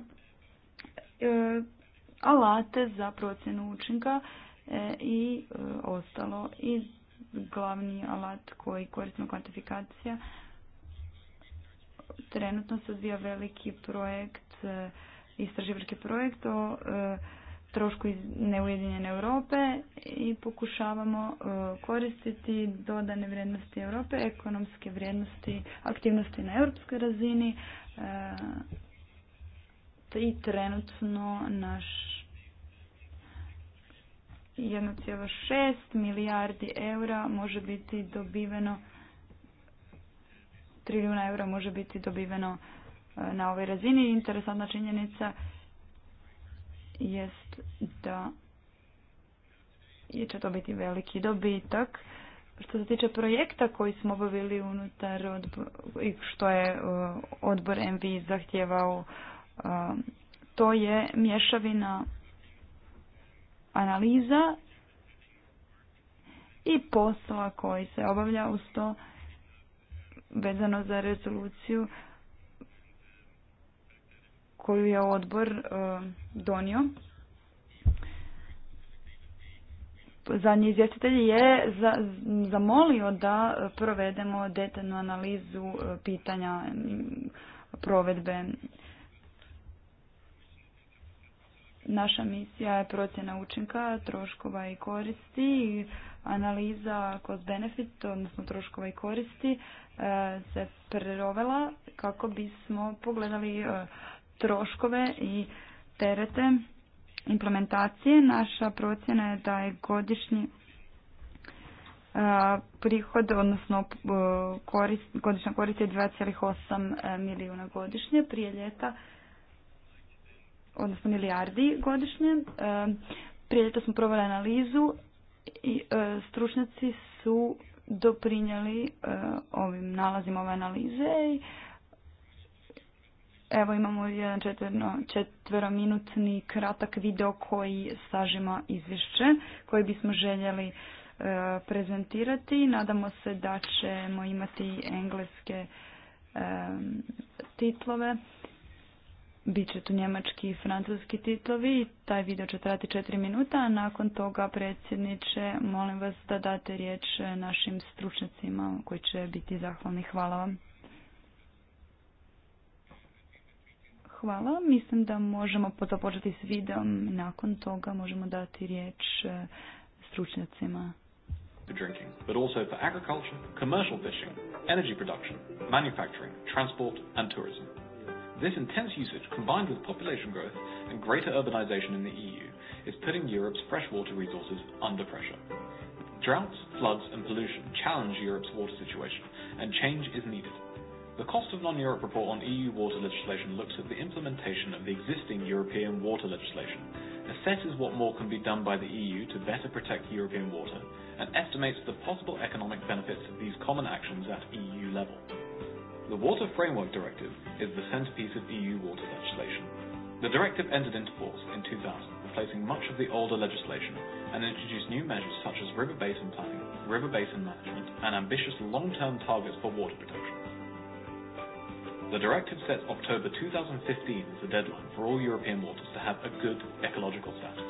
alate za procjenu učinka E, i e, ostalo i glavni alat koji koristimo kvantifikacija trenutno se odvija veliki projekt e, istraživački projekt o trošku iz neujedinjene Europe i pokušavamo koristiti dodane vrijednosti Europe, ekonomske vrijednosti, aktivnosti na europskoj razini i trenutno naš 1,6 milijardi eura može biti dobiveno trilijuna eura može biti dobiveno e, na ovoj razini. Interesantna činjenica jest da će to biti veliki dobitak. Što se tiče projekta koji smo obavili unutar i što je e, odbor MV zahtjevao, e, to je mješavina analiza i posla koji se obavlja uz to vezano za rezoluciju koju je odbor e, donio. Zadnji izvjestitelj je zamolio da provedemo detaljnu analizu e, pitanja provedbe Naša misija je procjena učinka, troškova i koristi, analiza cost benefit, odnosno troškova i koristi e, se prerovela kako bismo pogledali e, troškove i terete implementacije. Naša procjena je da je godišnji e, prihod, odnosno godišnja korist je 2,8 milijuna godišnje. Prije ljeta odnosno milijardi godišnje. E, prije ljeta smo proveli analizu i e, stručnjaci su doprinjeli e, ovim nalazima ove analize i evo imamo jedan četverominutni kratak video koji sažima izvješće koji bismo željeli prezentirati. Nadamo se da ćemo imati engleske titlove Bit će tu njemački i francuski titlovi taj video će trati četiri minuta, a nakon toga predsjedniče, molim vas da date riječ našim stručnjacima koji će biti zahvalni. Hvala vam. Hvala, mislim da možemo započeti s videom, nakon toga možemo dati riječ e, stručnjacima. drinking, but also for agriculture, commercial fishing, energy production, manufacturing, transport and tourism. This intense usage, combined with population growth and greater urbanization in the EU, is putting Europe's freshwater resources under pressure. Droughts, floods, and pollution challenge Europe's water situation, and change is needed. The Cost of Non-Europe report on EU water legislation looks at the implementation of the existing European water legislation, assesses what more can be done by the EU to better protect European water, and estimates the possible economic benefits of these common actions at EU level. The Water Framework Directive is the centerpiece of EU water legislation. The directive entered into force in 2000, replacing much of the older legislation and introduced new measures such as river basin planning, river basin management, and ambitious long-term targets for water protection. The directive sets October 2015 as the deadline for all European waters to have a good ecological status.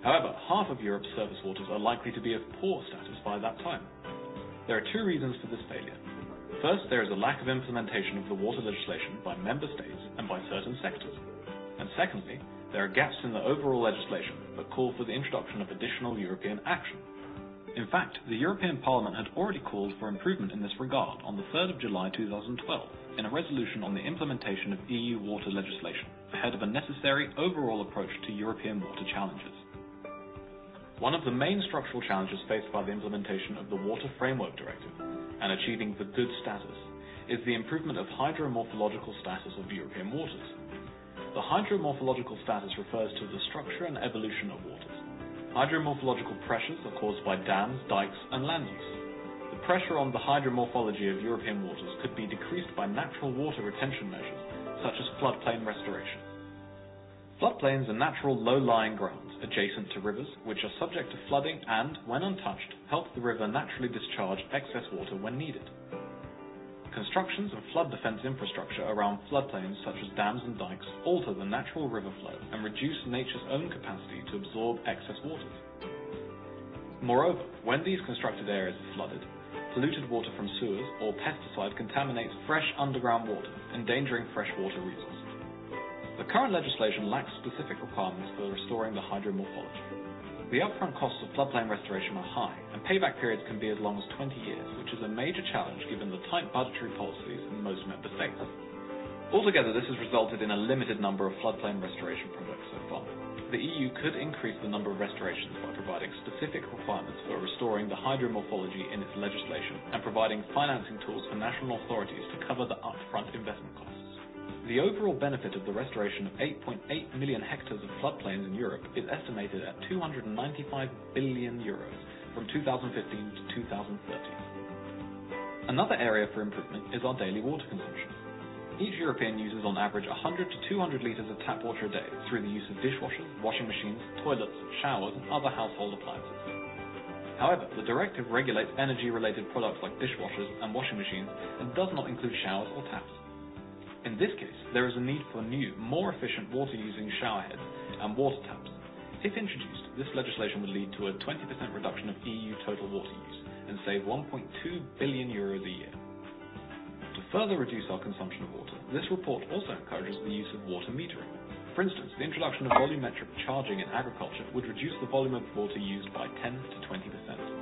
However, half of Europe's surface waters are likely to be of poor status by that time. There are two reasons for this failure. First, there is a lack of implementation of the water legislation by member states and by certain sectors. And secondly, there are gaps in the overall legislation that call for the introduction of additional European action. In fact, the European Parliament had already called for improvement in this regard on the 3rd of July 2012 in a resolution on the implementation of EU water legislation ahead of a necessary overall approach to European water challenges. One of the main structural challenges faced by the implementation of the Water Framework Directive and achieving the good status is the improvement of hydromorphological status of European waters. The hydromorphological status refers to the structure and evolution of waters. Hydromorphological pressures are caused by dams, dikes, and land use. The pressure on the hydromorphology of European waters could be decreased by natural water retention measures, such as floodplain restoration. Floodplains are natural low-lying ground adjacent to rivers, which are subject to flooding and, when untouched, help the river naturally discharge excess water when needed. Constructions of flood defense infrastructure around floodplains such as dams and dikes alter the natural river flow and reduce nature's own capacity to absorb excess waters. Moreover, when these constructed areas are flooded, polluted water from sewers or pesticide contaminates fresh underground water, endangering freshwater resources. The current legislation lacks specific requirements for restoring the hydromorphology. The upfront costs of floodplain restoration are high, and payback periods can be as long as 20 years, which is a major challenge given the tight budgetary policies in most member states. Altogether, this has resulted in a limited number of floodplain restoration projects so far. The EU could increase the number of restorations by providing specific requirements for restoring the hydromorphology in its legislation and providing financing tools for national authorities to cover the upfront investment costs. The overall benefit of the restoration of 8.8 million hectares of floodplains in Europe is estimated at 295 billion euros from 2015 to 2030. Another area for improvement is our daily water consumption. Each European uses on average 100 to 200 litres of tap water a day through the use of dishwashers, washing machines, toilets, showers and other household appliances. However, the directive regulates energy related products like dishwashers and washing machines and does not include showers or taps. In this case, there is a need for new, more efficient water-using showerheads and water taps. If introduced, this legislation would lead to a 20% reduction of EU total water use and save 1.2 billion euros a year. To further reduce our consumption of water, this report also encourages the use of water metering. For instance, the introduction of volumetric charging in agriculture would reduce the volume of water used by 10 to 20%.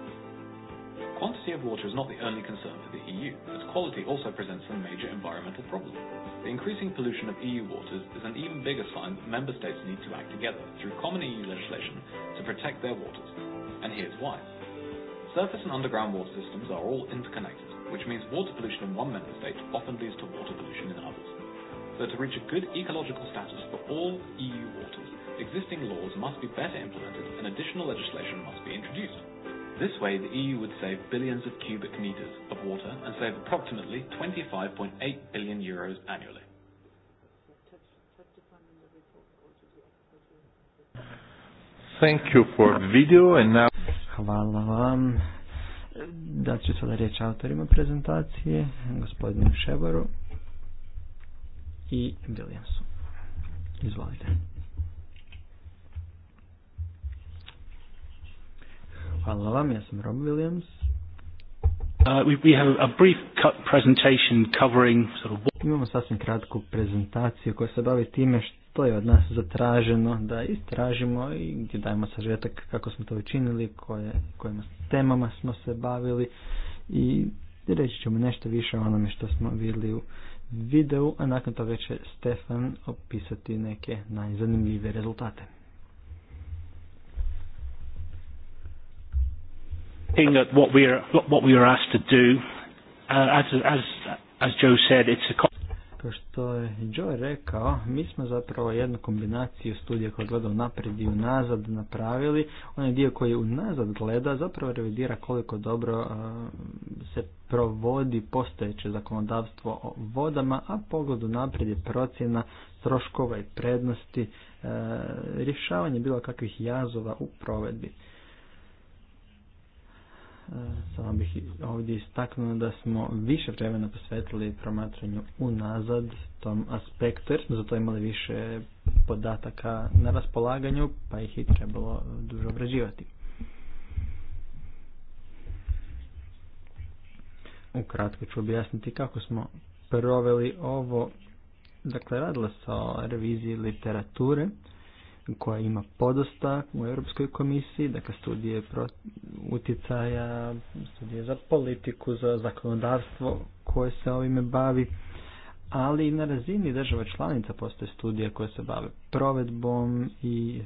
Quantity of water is not the only concern for the EU, as quality also presents a major environmental problem. The increasing pollution of EU waters is an even bigger sign that member states need to act together through common EU legislation to protect their waters. And here's why. Surface and underground water systems are all interconnected, which means water pollution in one member state often leads to water pollution in others. So to reach a good ecological status for all EU waters, existing laws must be better implemented and additional legislation must be introduced. This way, the EU would save billions of cubic meters of water and save approximately 25.8 billion euros annually. Thank you for video and now... Hvala vam. Dat ću sada riječ autorima prezentacije, gospodinu Šebaru i Williamsu. Izvolite. Hvala vam, ja sam Rob Williams. Imamo sasvim kratku prezentaciju koja se bavi time što je od nas zatraženo da istražimo i gdje dajemo sažetak kako smo to učinili, koje, kojima temama smo se bavili i reći ćemo nešto više o onome što smo vidjeli u videu, a nakon toga će Stefan opisati neke najzanimljivije rezultate. at what we are what we are asked to do, uh, as as as Joe said, it's a kao što je Joe rekao, mi smo zapravo jednu kombinaciju studija koja gleda unaprijed i unazad napravili. Onaj dio koji unazad gleda zapravo revidira koliko dobro uh, se provodi postojeće zakonodavstvo o vodama, a pogled unaprijed je procjena troškova i prednosti, uh, rješavanje bilo kakvih jazova u provedbi. Samo bih ovdje istaknuo da smo više vremena posvetili promatranju unazad tom aspektu jer smo zato imali više podataka na raspolaganju pa ih je trebalo duže obrađivati. Ukratko ću objasniti kako smo proveli ovo. Dakle, radilo se o reviziji literature koja ima podosta u Europskoj komisiji, dakle studije utjecaja, studije za politiku, za zakonodavstvo koje se ovime bavi, ali i na razini država članica postoje studije koje se bave provedbom i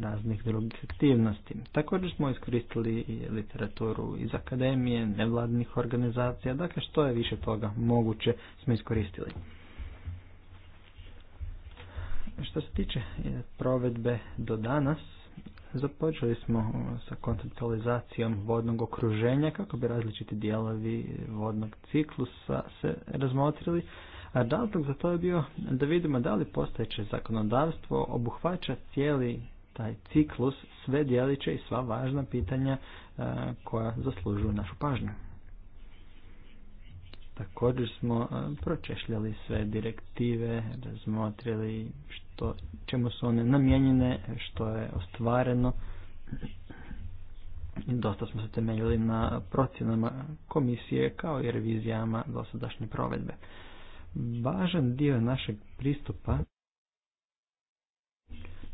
raznih drugih aktivnosti. Također smo iskoristili i literaturu iz akademije, nevladnih organizacija, dakle što je više toga moguće smo iskoristili. Što se tiče e, provedbe do danas, započeli smo e, sa konceptualizacijom vodnog okruženja kako bi različiti dijelovi vodnog ciklusa se razmotrili. A razlog za to je bio da vidimo da li postojeće zakonodavstvo obuhvaća cijeli taj ciklus, sve dijeliće i sva važna pitanja e, koja zaslužuju našu pažnju. Također smo pročešljali sve direktive, razmotrili što, čemu su one namijenjene, što je ostvareno. Dosta smo se temeljili na procjenama komisije kao i revizijama dosadašnje provedbe. Važan dio našeg pristupa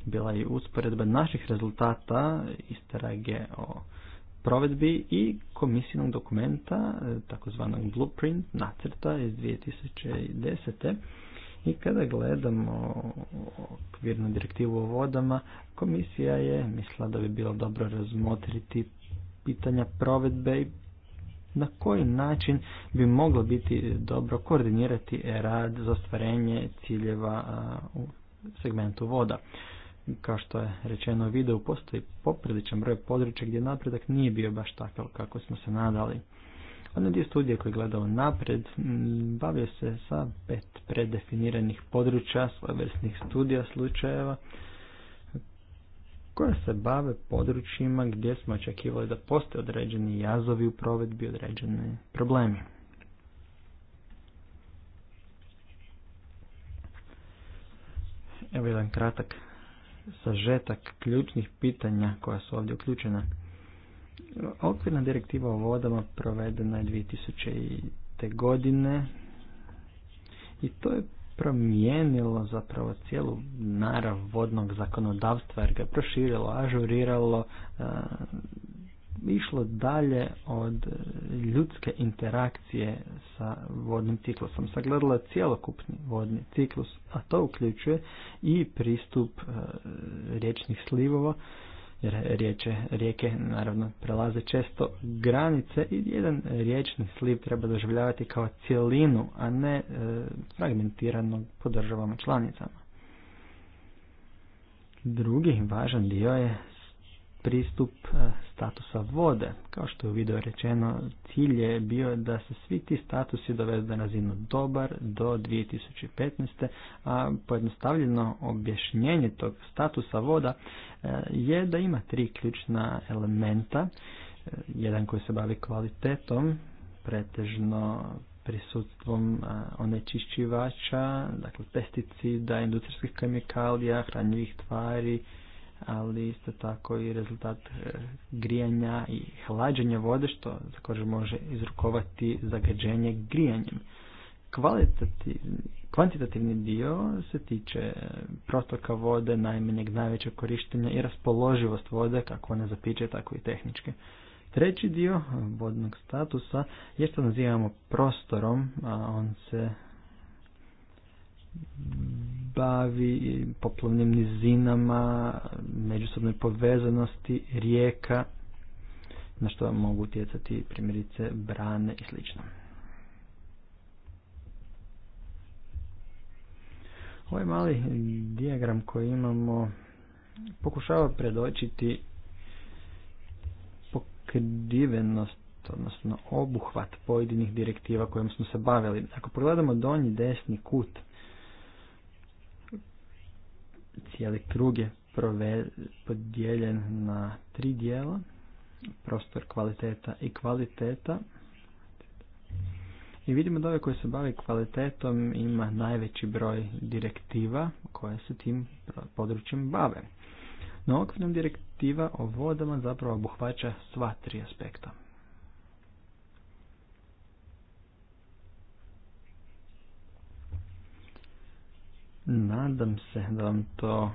bila je usporedba naših rezultata istrage o provedbi i komisijnog dokumenta, e, takozvanog blueprint nacrta iz 2010. I kada gledamo okvirnu direktivu o vodama, komisija je mislila da bi bilo dobro razmotriti pitanja provedbe i na koji način bi moglo biti dobro koordinirati rad za ostvarenje ciljeva u segmentu voda. Kao što je rečeno u videu, postoji popriličan broj područja gdje napredak nije bio baš takav kako smo se nadali. Onaj dio studije koji je gledao napred bavio se sa pet predefiniranih područja, svojevrsnih studija slučajeva, koja se bave područjima gdje smo očekivali da postoje određeni jazovi u provedbi određene problemi. Evo jedan kratak sažetak ključnih pitanja koja su ovdje uključena. Okvirna direktiva o vodama provedena je 2000. godine i to je promijenilo zapravo cijelu narav vodnog zakonodavstva jer ga je proširilo, ažuriralo, išlo dalje od e, ljudske interakcije sa vodnim ciklusom. Sagledala je cijelokupni vodni ciklus, a to uključuje i pristup e, riječnih slivova, jer riječe, rijeke naravno prelaze često granice i jedan riječni sliv treba doživljavati kao cjelinu, a ne e, fragmentirano po članicama. Drugi važan dio je pristup e, statusa vode. Kao što je u video rečeno, cilj je bio da se svi ti statusi dovedu na razinu dobar do 2015. A pojednostavljeno objašnjenje tog statusa voda e, je da ima tri ključna elementa. E, jedan koji se bavi kvalitetom, pretežno prisutstvom onečišćivača, dakle pesticida, industrijskih kemikalija, hranjivih tvari, ali isto tako i rezultat e, grijanja i hlađenja vode što također može izrukovati zagađenje grijanjem. Kvantitativni dio se tiče e, protoka vode, najmanjeg najvećeg korištenja i raspoloživost vode, kako ona zapiče, tako i tehničke. Treći dio e, vodnog statusa je što nazivamo prostorom, a on se bavi poplovnim nizinama, međusobnoj povezanosti rijeka, na što mogu utjecati primjerice brane i sl. Ovaj mali dijagram koji imamo pokušava predočiti pokrivenost odnosno obuhvat pojedinih direktiva kojim smo se bavili. Ako pogledamo donji desni kut, Cijeli krug je podijeljen na tri dijela, prostor kvaliteta i kvaliteta. I vidimo da ove koji se bavi kvalitetom ima najveći broj direktiva koje se tim područjem bave. No okvirnom direktiva o vodama zapravo obuhvaća sva tri aspekta. Nadam se da vam to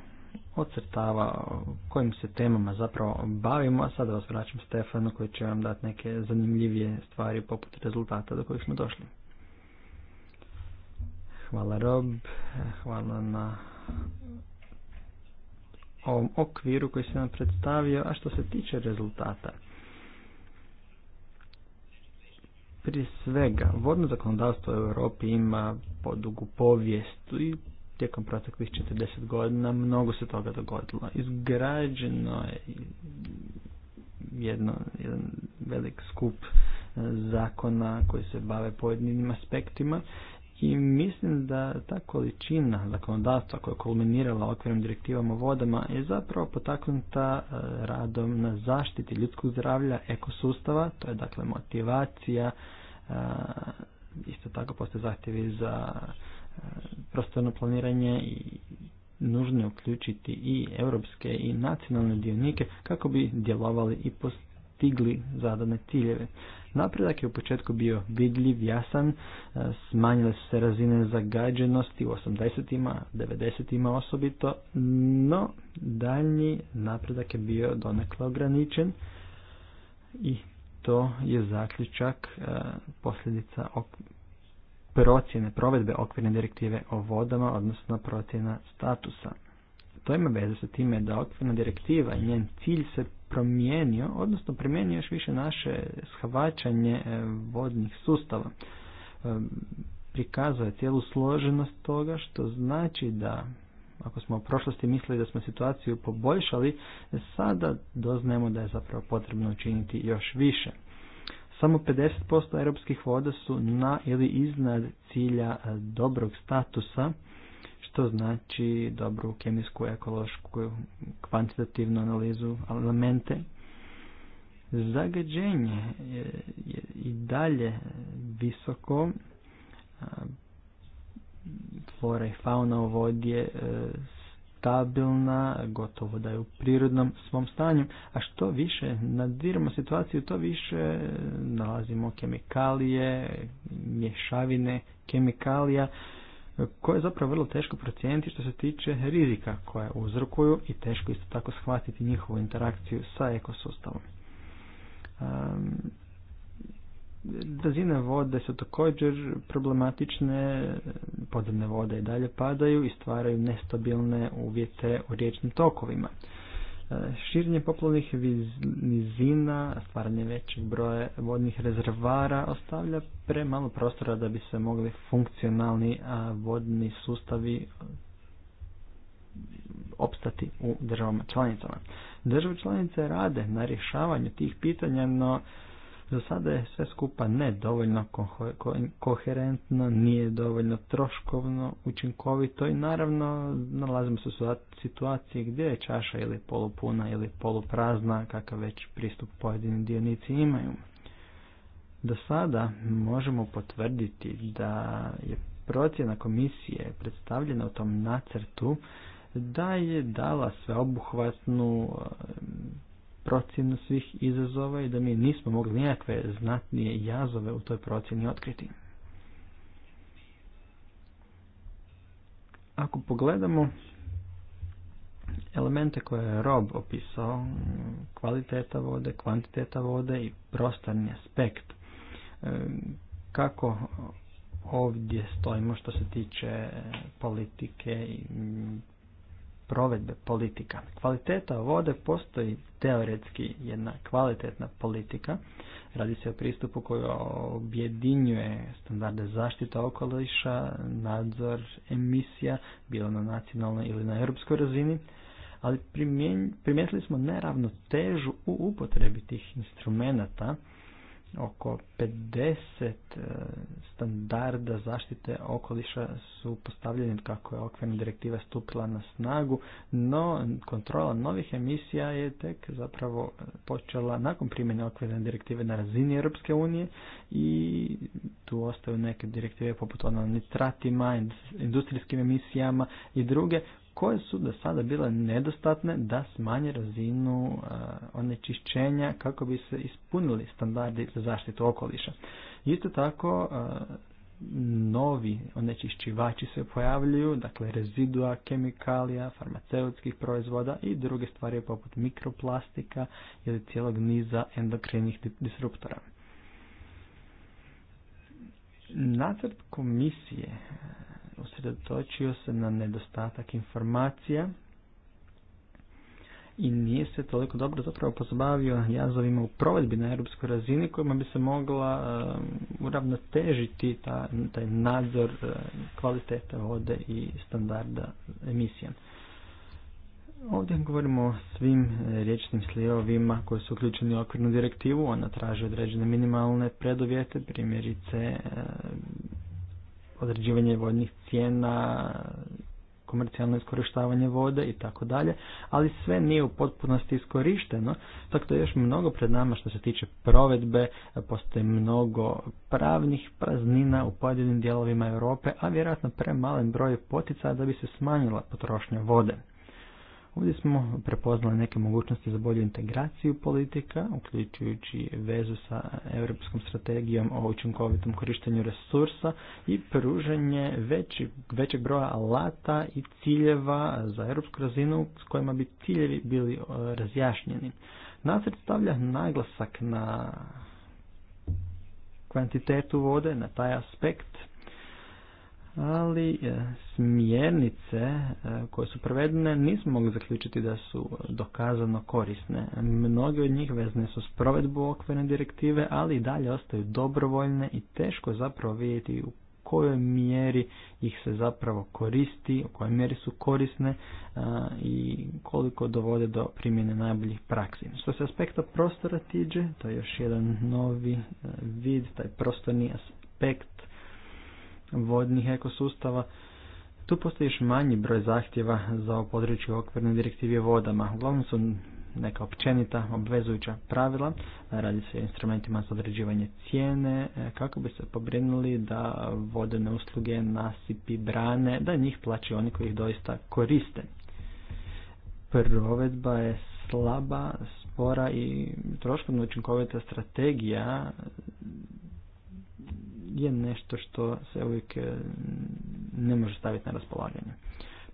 ocrtava kojim se temama zapravo bavimo, a sada vas vraćam Stefanu koji će vam dati neke zanimljivije stvari poput rezultata do kojih smo došli. Hvala Rob, hvala na ovom okviru koji se nam predstavio, a što se tiče rezultata. Prije svega, vodno zakonodavstvo u Europi ima podugu povijest i tijekom proteklih 40 godina mnogo se toga dogodilo. Izgrađeno je jedno, jedan velik skup e, zakona koji se bave pojedinim aspektima i mislim da ta količina zakonodavstva koja je kulminirala okvirom direktivama o vodama je zapravo potaknuta e, radom na zaštiti ljudskog zdravlja ekosustava, to je dakle motivacija, e, isto tako postoje zahtjevi za prostorno planiranje i nužno je uključiti i europske i nacionalne dionike kako bi djelovali i postigli zadane ciljeve. Napredak je u početku bio vidljiv, jasan, e, smanjile su se razine zagađenosti u 80-ima, 90-ima osobito, no daljnji napredak je bio donekle ograničen i to je zaključak e, posljedica procjene provedbe okvirne direktive o vodama, odnosno procjena statusa. To ima veze sa time da okvirna direktiva i njen cilj se promijenio, odnosno promijenio još više naše shvaćanje e, vodnih sustava. E, prikazuje cijelu složenost toga što znači da ako smo u prošlosti mislili da smo situaciju poboljšali, sada doznajemo da je zapravo potrebno učiniti još više. Samo 50% europskih voda su na ili iznad cilja e, dobrog statusa, što znači dobru kemijsku, ekološku, kvantitativnu analizu elemente. Zagađenje e, je i dalje visoko, e, flora i fauna u vodi je stabilna, gotovo da je u prirodnom svom stanju, a što više nadiramo situaciju, to više nalazimo kemikalije, mješavine kemikalija, koje je zapravo vrlo teško procijeniti što se tiče rizika koje uzrokuju i teško isto tako shvatiti njihovu interakciju sa ekosustavom. Ehm, Razine vode su također problematične, podzemne vode i dalje padaju i stvaraju nestabilne uvjete u riječnim tokovima. E, širenje poplovnih nizina, stvaranje većeg broja vodnih rezervara ostavlja premalo prostora da bi se mogli funkcionalni vodni sustavi opstati u državama članicama. Države članice rade na rješavanju tih pitanja, no do sada je sve skupa nedovoljno koherentno, nije dovoljno troškovno, učinkovito i naravno nalazimo se u situaciji gdje je čaša ili polupuna ili poluprazna, kakav već pristup pojedini dionici imaju. Do sada možemo potvrditi da je procjena komisije predstavljena u tom nacrtu da je dala sveobuhvatnu procjenu svih izazova i da mi nismo mogli nekakve znatnije jazove u toj procjeni otkriti. Ako pogledamo elemente koje je Rob opisao, kvaliteta vode, kvantiteta vode i prostorni aspekt, e, kako ovdje stojimo što se tiče politike i provedbe politika. Kvaliteta vode postoji teoretski jedna kvalitetna politika. Radi se o pristupu koji objedinjuje standarde zaštita okoliša, nadzor emisija, bilo na nacionalnoj ili na europskoj razini, ali primijetili smo neravnotežu u upotrebi tih instrumenata oko 50 e, standarda zaštite okoliša su postavljeni kako je okvirna direktiva stupila na snagu, no kontrola novih emisija je tek zapravo počela nakon primjene okvirne direktive na razini Europske unije i tu ostaju neke direktive poput ona nitratima, industrijskim emisijama i druge koje su do sada bile nedostatne da smanje razinu eh, onečišćenja kako bi se ispunili standardi za zaštitu okoliša. Isto tako eh, novi onečišćivači se pojavljuju, dakle rezidua, kemikalija, farmaceutskih proizvoda i druge stvari poput mikroplastika ili cijelog niza endokrinih disruptora. Nacrt komisije usredotočio se na nedostatak informacija i nije se toliko dobro zapravo pozabavio jazovima u provedbi na europskoj razini kojima bi se mogla um, uravnotežiti ta, taj nadzor uh, kvalitete vode i standarda emisija. Ovdje govorimo o svim riječnim slijevovima koji su uključeni u okvirnu direktivu. Ona traži određene minimalne predovjete, primjerice uh, određivanje vodnih cijena, komercijalno iskorištavanje vode i tako dalje, ali sve nije u potpunosti iskorišteno, tako da je još mnogo pred nama što se tiče provedbe, postoje mnogo pravnih praznina u pojedinim dijelovima Europe, a vjerojatno premalen broj poticaja da bi se smanjila potrošnja vode. Ovdje smo prepoznali neke mogućnosti za bolju integraciju politika, uključujući vezu sa europskom strategijom o učinkovitom korištenju resursa i pružanje većeg broja alata i ciljeva za europsku razinu s kojima bi ciljevi bili e, razjašnjeni. Nacrt stavlja naglasak na kvantitetu vode, na taj aspekt ali e, smjernice e, koje su provedene nismo mogli zaključiti da su dokazano korisne. Mnoge od njih vezne su s provedbu okvirne direktive, ali i dalje ostaju dobrovoljne i teško je zapravo vidjeti u kojoj mjeri ih se zapravo koristi, u kojoj mjeri su korisne e, i koliko dovode do primjene najboljih praksi. Što se aspekta prostora tiđe, to je još jedan novi vid, taj prostorni aspekt vodnih ekosustava, tu postoji još manji broj zahtjeva za ovo područje okvirne direktive vodama. Uglavnom su neka općenita obvezujuća pravila, radi se o instrumentima za određivanje cijene, e, kako bi se pobrinuli da vodene usluge, nasipi, brane, da njih plaćaju oni koji ih doista koriste. Provedba je slaba, spora i troškovno učinkovita strategija je nešto što se uvijek e, ne može staviti na raspolaganje.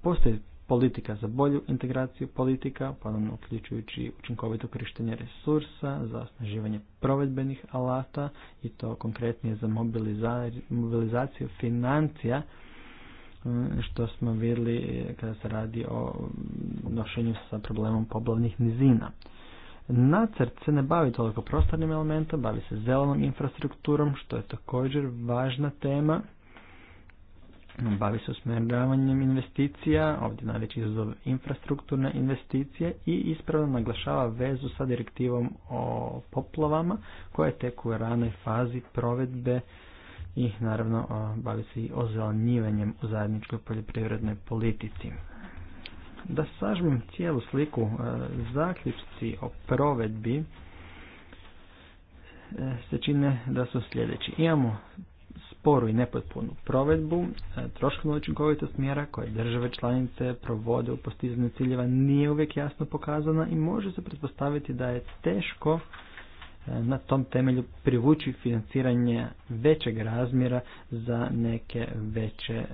Postoji politika za bolju integraciju politika, ponovno pa uključujući učinkovito korištenje resursa, za osnaživanje provedbenih alata i to konkretnije za mobilizaciju financija, e, što smo vidjeli e, kada se radi o nošenju sa problemom poblavnih nizina. Nacrt se ne bavi toliko prostornim elementom, bavi se zelenom infrastrukturom, što je također važna tema. Bavi se usmjeravanjem investicija, ovdje najveći izazov infrastrukturne investicije i ispravno naglašava vezu sa direktivom o poplavama koja je tek u ranoj fazi provedbe i naravno bavi se i ozelenjivanjem u zajedničkoj poljoprivrednoj politici. Da sažmem cijelu sliku, e, zaključci o provedbi e, se čine da su sljedeći. Imamo sporu i nepotpunu provedbu, e, troškovnu učinkovitost mjera koje države članice provode u postizanju ciljeva nije uvijek jasno pokazana i može se pretpostaviti da je teško E, na tom temelju privući financiranje većeg razmjera za neke veće e,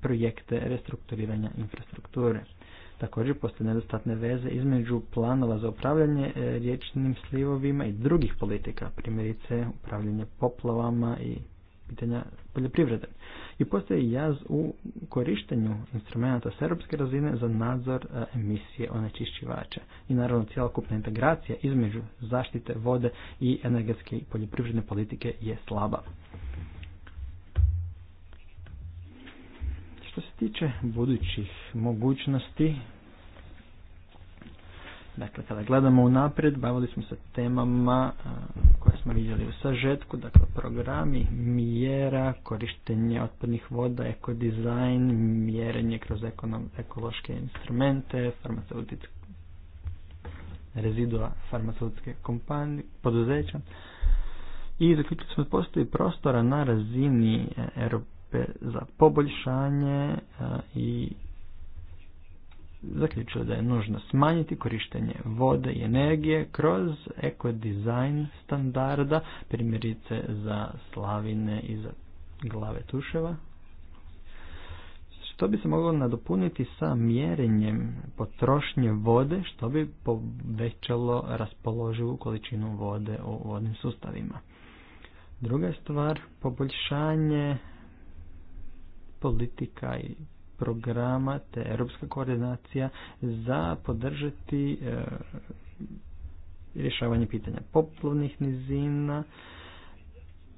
projekte restrukturiranja infrastrukture. Također postoje nedostatne veze između planova za upravljanje e, riječnim slivovima i drugih politika, primjerice upravljanje poplavama i pitanja poljoprivrede. I postoji jaz u korištenju instrumenta srpske razine za nadzor e, emisije onečišćivača. I naravno cjelokupna integracija između zaštite vode i energetske i poljoprivredne politike je slaba. Što se tiče budućih mogućnosti, Dakle, kada gledamo unaprijed, bavili smo se temama koje smo vidjeli u sažetku, dakle programi mjera, korištenje otpadnih voda, ekodizajn, mjerenje kroz ekonom, ekološke instrumente, rezidua farmaceutske kompanije, poduzeća. I zaključili smo da postoji prostora na razini Europe za poboljšanje i zaključio da je nužno smanjiti korištenje vode i energije kroz ekodizajn standarda, primjerice za slavine i za glave tuševa, što bi se moglo nadopuniti sa mjerenjem potrošnje vode što bi povećalo raspoloživu količinu vode u vodnim sustavima. Druga stvar, poboljšanje politika i programa te europska koordinacija za podržati e, rješavanje pitanja poplovnih nizina,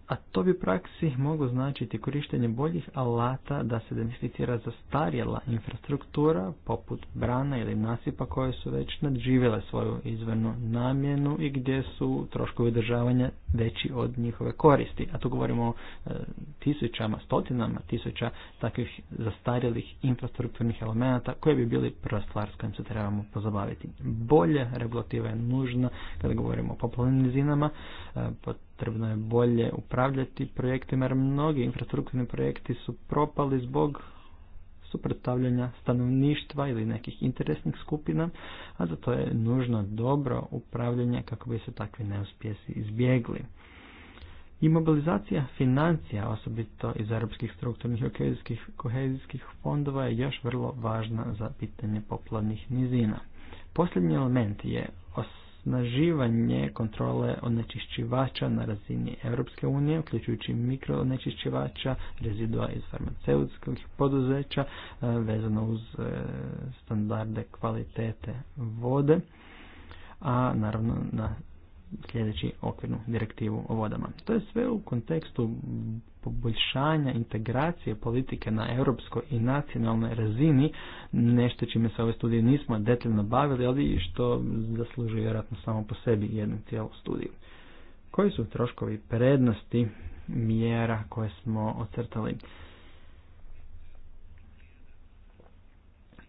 a to bi u praksi moglo značiti korištenje boljih alata da se identificira zastarjela infrastruktura poput brana ili nasipa koje su već nadživjele svoju izvornu namjenu i gdje su troškovi održavanja veći od njihove koristi. A tu govorimo o e, tisućama, stotinama tisuća takvih zastarjelih infrastrukturnih elemenata koje bi bili prva stvar s kojim se trebamo pozabaviti. Bolje regulativa je nužna kada govorimo o poplavnim nizinama, e, potrebno je bolje upravljati projektima jer mnogi infrastrukturni projekti su propali zbog suprotstavljanja stanovništva ili nekih interesnih skupina, a zato je nužno dobro upravljanje kako bi se takvi neuspjesi izbjegli. I mobilizacija financija, osobito iz europskih strukturnih i kohezijskih, kohezijskih fondova, je još vrlo važna za pitanje poplavnih nizina. Posljednji element je osnaživanje kontrole onečišćivača na razini Europske unije, uključujući mikroonečišćivača, rezidua iz farmaceutskog poduzeća e, vezano uz e, standarde kvalitete vode, a naravno na sljedeći okvirnu direktivu o vodama. To je sve u kontekstu poboljšanja integracije politike na europskoj i nacionalnoj razini, nešto čime se ove studije nismo detaljno bavili, ali što zaslužuje vjerojatno samo po sebi jednu cijelu studiju. Koji su troškovi prednosti mjera koje smo ocrtali?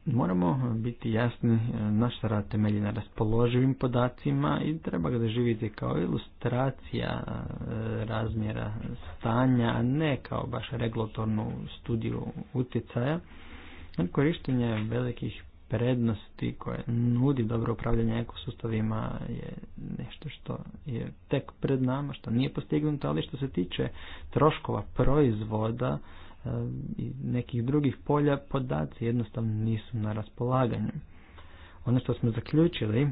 Moramo biti jasni, e, naš rad temelji na raspoloživim podacima i treba ga doživjeti kao ilustracija e, razmjera stanja, a ne kao baš regulatornu studiju utjecaja. Korištenje velikih prednosti koje nudi dobro upravljanje ekosustavima je nešto što je tek pred nama, što nije postignuto, ali što se tiče troškova proizvoda, i nekih drugih polja podaci jednostavno nisu na raspolaganju. Ono što smo zaključili,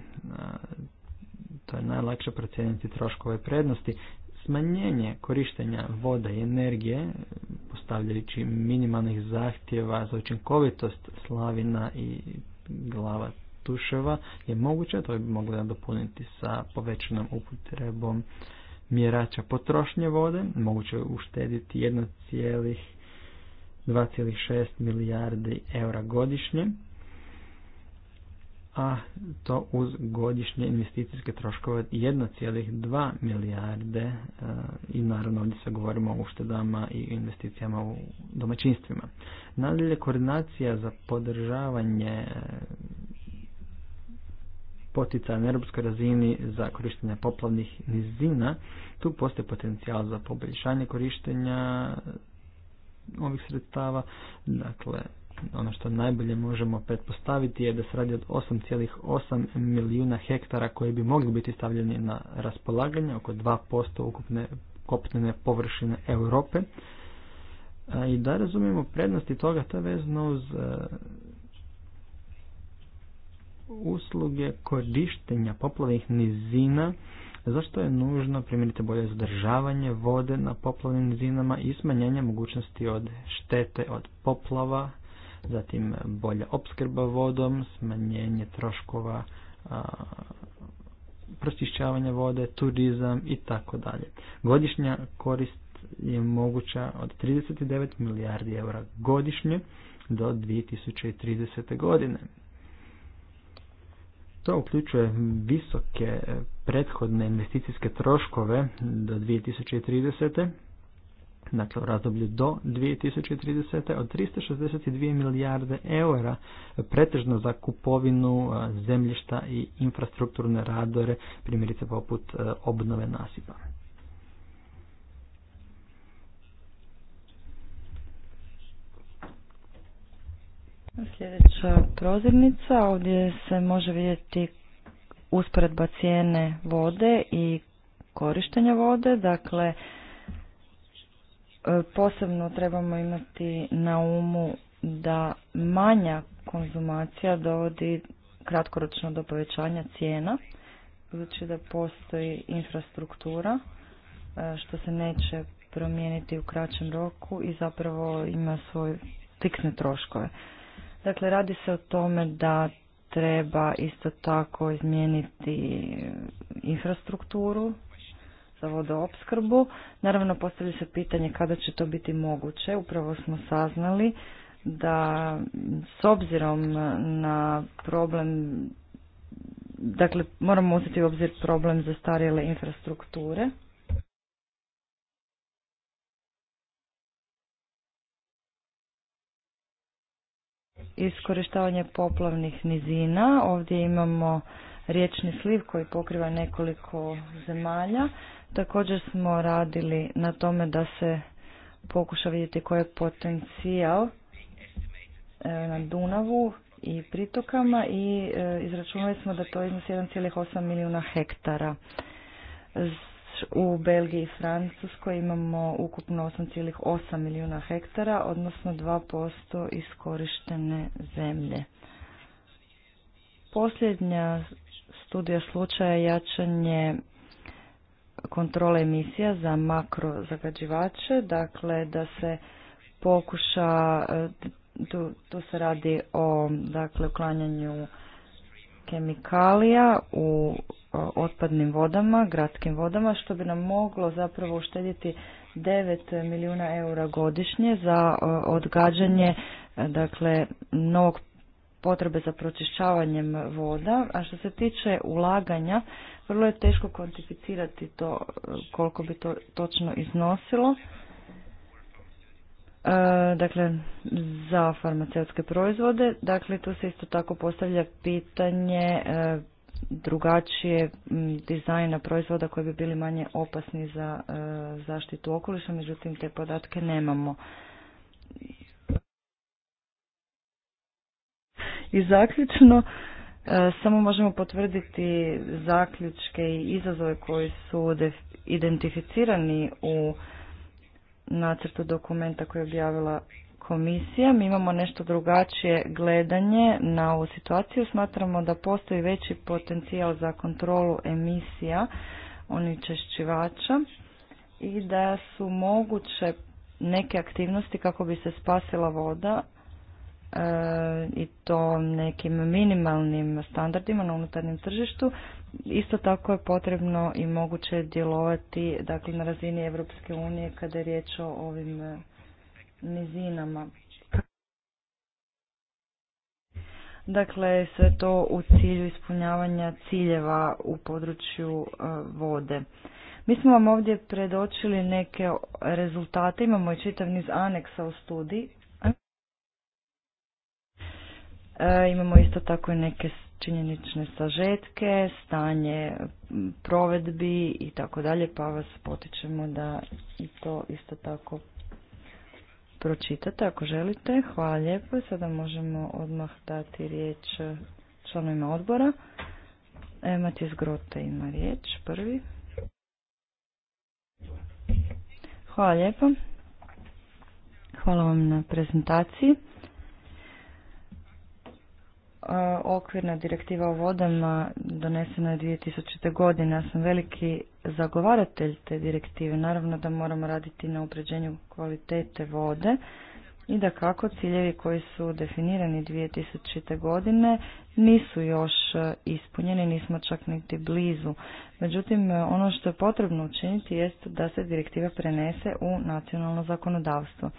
to je najlakše procijeniti troškove prednosti, smanjenje korištenja vode i energije, postavljajući minimalnih zahtjeva za učinkovitost slavina i glava tuševa, je moguće, to bi mogli dopuniti sa povećanom upotrebom mjerača potrošnje vode, moguće uštediti cijelih 2,6 milijardi eura godišnje, a to uz godišnje investicijske troškove 1,2 milijarde e, i naravno ovdje se govorimo o uštedama i investicijama u domaćinstvima. Nadalje koordinacija za podržavanje e, potica na europskoj razini za korištenje poplavnih nizina, tu postoji potencijal za poboljšanje korištenja ovih sredstava. Dakle, ono što najbolje možemo pretpostaviti je da se radi od 8,8 milijuna hektara koji bi mogli biti stavljeni na raspolaganje, oko 2% ukupne kopnene površine Europe. I da razumijemo prednosti toga, to je vezano uz e, usluge korištenja poplavnih nizina zašto je nužno primjeriti bolje zadržavanje vode na poplavnim zinama i smanjenje mogućnosti od štete od poplava, zatim bolja opskrba vodom, smanjenje troškova pročišćavanja vode, turizam i tako dalje. Godišnja korist je moguća od 39 milijardi eura godišnje do 2030. godine. To uključuje visoke eh, prethodne investicijske troškove do 2030. Dakle, u razdoblju do 2030. od 362 milijarde eura, pretežno za kupovinu eh, zemljišta i infrastrukturne radore, primjerice poput eh, obnove nasipa. Sljedeća prozirnica, ovdje se može vidjeti usporedba cijene vode i korištenja vode, dakle e, posebno trebamo imati na umu da manja konzumacija dovodi kratkoročno do povećanja cijena, znači da postoji infrastruktura e, što se neće promijeniti u kraćem roku i zapravo ima svoje fiksne troškove. Dakle, radi se o tome da treba isto tako izmijeniti infrastrukturu za vodoopskrbu. Naravno, postavlja se pitanje kada će to biti moguće. Upravo smo saznali da s obzirom na problem dakle moramo uzeti u obzir problem za starijele infrastrukture iskorištavanje poplavnih nizina. Ovdje imamo riječni sliv koji pokriva nekoliko zemalja. Također smo radili na tome da se pokuša vidjeti koji je potencijal e, na Dunavu i pritokama i e, izračunali smo da to iznosi 1,8 milijuna hektara u Belgiji i Francuskoj imamo ukupno 8,8 milijuna hektara, odnosno 2% iskorištene zemlje. Posljednja studija slučaja jačanje kontrole emisija za makrozagađivače, dakle da se pokuša, e, tu, tu se radi o dakle, uklanjanju kemikalija u e, otpadnim vodama, gradskim vodama, što bi nam moglo zapravo uštedjeti 9 milijuna eura godišnje za e, odgađanje e, dakle, novog potrebe za pročišćavanjem voda, a što se tiče ulaganja, vrlo je teško kvantificirati to koliko bi to točno iznosilo. E, dakle, za farmaceutske proizvode. Dakle, tu se isto tako postavlja pitanje e, drugačije dizajna proizvoda koji bi bili manje opasni za e, zaštitu okoliša, međutim te podatke nemamo. I zaključno, samo možemo potvrditi zaključke i izazove koji su identificirani u nacrtu dokumenta koji je objavila komisija. Mi imamo nešto drugačije gledanje na ovu situaciju. Smatramo da postoji veći potencijal za kontrolu emisija onečišćivača i da su moguće neke aktivnosti kako bi se spasila voda e, i to nekim minimalnim standardima na unutarnjem tržištu Isto tako je potrebno i moguće djelovati dakle, na razini Europske unije kada je riječ o ovim e, nizinama. Dakle, sve to u cilju ispunjavanja ciljeva u području e, vode. Mi smo vam ovdje predočili neke rezultate, imamo i čitav niz aneksa u studiji. E, imamo isto tako i neke činjenične sažetke, stanje provedbi i tako dalje, pa vas potičemo da i to isto tako pročitate ako želite. Hvala lijepo. Sada možemo odmah dati riječ članovima odbora. E, Matijas Grota ima riječ, prvi. Hvala lijepo. Hvala vam na prezentaciji. E, okvirna direktiva o vodama donesena je 2000. godine. Ja sam veliki zagovaratelj te direktive. Naravno da moramo raditi na upređenju kvalitete vode i da kako ciljevi koji su definirani 2000. godine nisu još e, ispunjeni, nismo čak niti blizu. Međutim, e, ono što je potrebno učiniti jest da se direktiva prenese u nacionalno zakonodavstvo.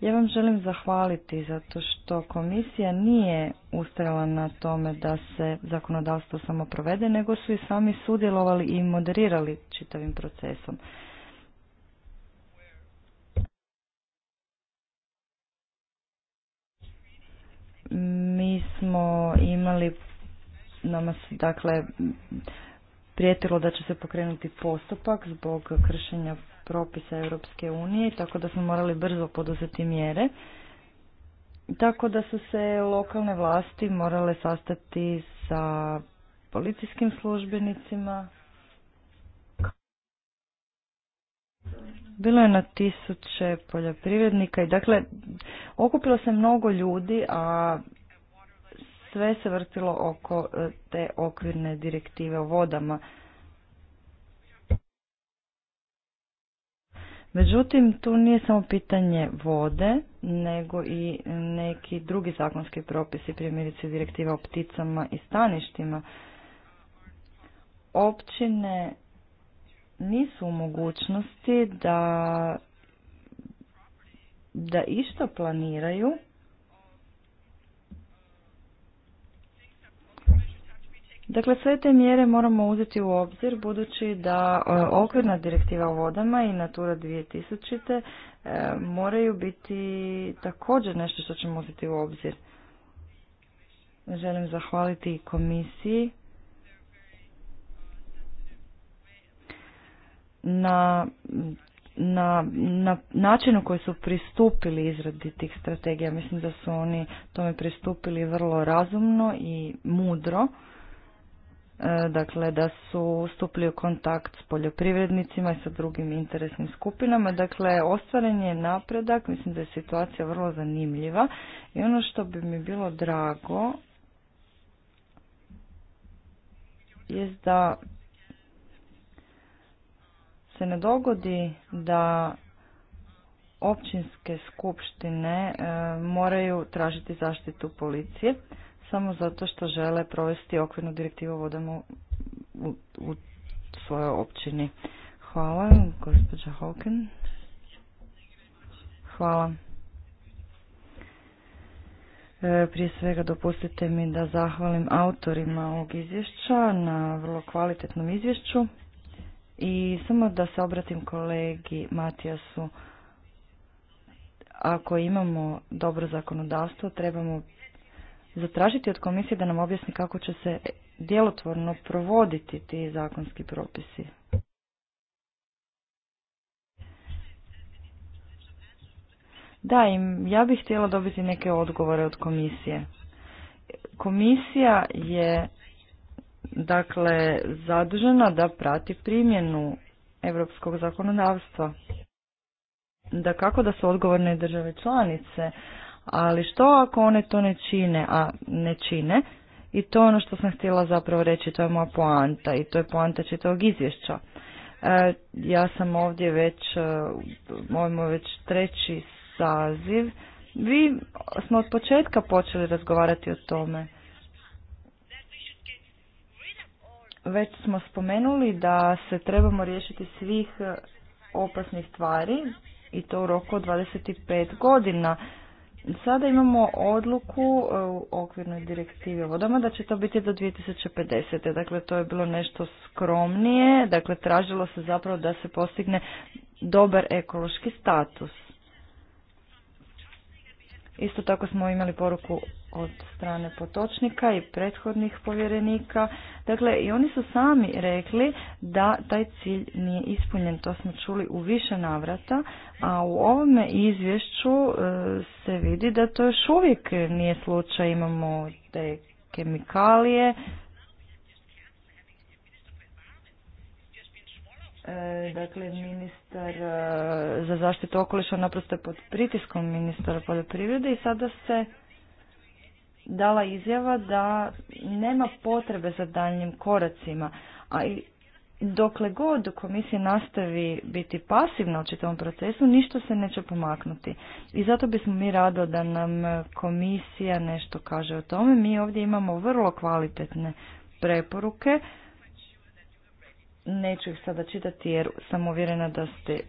Ja vam želim zahvaliti zato što komisija nije ustala na tome da se zakonodavstvo samo provede, nego su i sami sudjelovali i moderirali čitavim procesom. Mi smo imali, nama dakle prijetilo da će se pokrenuti postupak zbog kršenja propisa Europske unije, tako da smo morali brzo poduzeti mjere. Tako da su se lokalne vlasti morale sastati sa policijskim službenicima. Bilo je na tisuće poljoprivrednika i dakle okupilo se mnogo ljudi, a sve se vrtilo oko e, te okvirne direktive o vodama. Međutim, tu nije samo pitanje vode, nego i neki drugi zakonski propisi, primjerice direktiva o pticama i staništima. Općine nisu u mogućnosti da, da išta planiraju Dakle, sve te mjere moramo uzeti u obzir budući da e, okvirna direktiva o vodama i Natura 2000 e, moraju biti također nešto što ćemo uzeti u obzir. Želim zahvaliti komisiji na, na, na načinu koji su pristupili izradi tih strategija. Mislim da su oni tome pristupili vrlo razumno i mudro. E, dakle da su stupili u kontakt s poljoprivrednicima i sa drugim interesnim skupinama. Dakle, ostvaren je napredak, mislim da je situacija vrlo zanimljiva i ono što bi mi bilo drago je da se ne dogodi da općinske skupštine e, moraju tražiti zaštitu policije samo zato što žele provesti okvirnu direktivu vodama u, u svojoj općini. Hvala, gospođa Hawken. Hvala. E, prije svega dopustite mi da zahvalim autorima ovog izvješća na vrlo kvalitetnom izvješću i samo da se obratim kolegi Matijasu. Ako imamo dobro zakonodavstvo, trebamo zatražiti od komisije da nam objasni kako će se djelotvorno provoditi ti zakonski propisi. Da, im, ja bih htjela dobiti neke odgovore od komisije. Komisija je dakle zadužena da prati primjenu europskog zakonodavstva. Da kako da su odgovorne države članice, ali što ako one to ne čine, a ne čine, i to je ono što sam htjela zapravo reći, to je moja poanta i to je poanta čitavog izvješća. E, ja sam ovdje već, e, mojmo već treći saziv, vi smo od početka počeli razgovarati o tome. Već smo spomenuli da se trebamo riješiti svih opasnih stvari i to u roku od 25 godina Sada imamo odluku e, u okvirnoj direktivi o vodama da će to biti do 2050. Dakle, to je bilo nešto skromnije. Dakle, tražilo se zapravo da se postigne dobar ekološki status. Isto tako smo imali poruku od strane potočnika i prethodnih povjerenika. Dakle, i oni su sami rekli da taj cilj nije ispunjen, to smo čuli u više navrata, a u ovome izvješću e, se vidi da to još uvijek nije slučaj, imamo te kemikalije, e, Dakle, ministar e, za zaštitu okoliša naprosto je pod pritiskom ministara poljoprivrede i sada se dala izjava da nema potrebe za daljnjim koracima, a i dokle god komisija nastavi biti pasivna u čitavom procesu, ništa se neće pomaknuti. I zato bismo mi rado da nam komisija nešto kaže o tome. Mi ovdje imamo vrlo kvalitetne preporuke. Neću ih sada čitati jer sam uvjerena da ste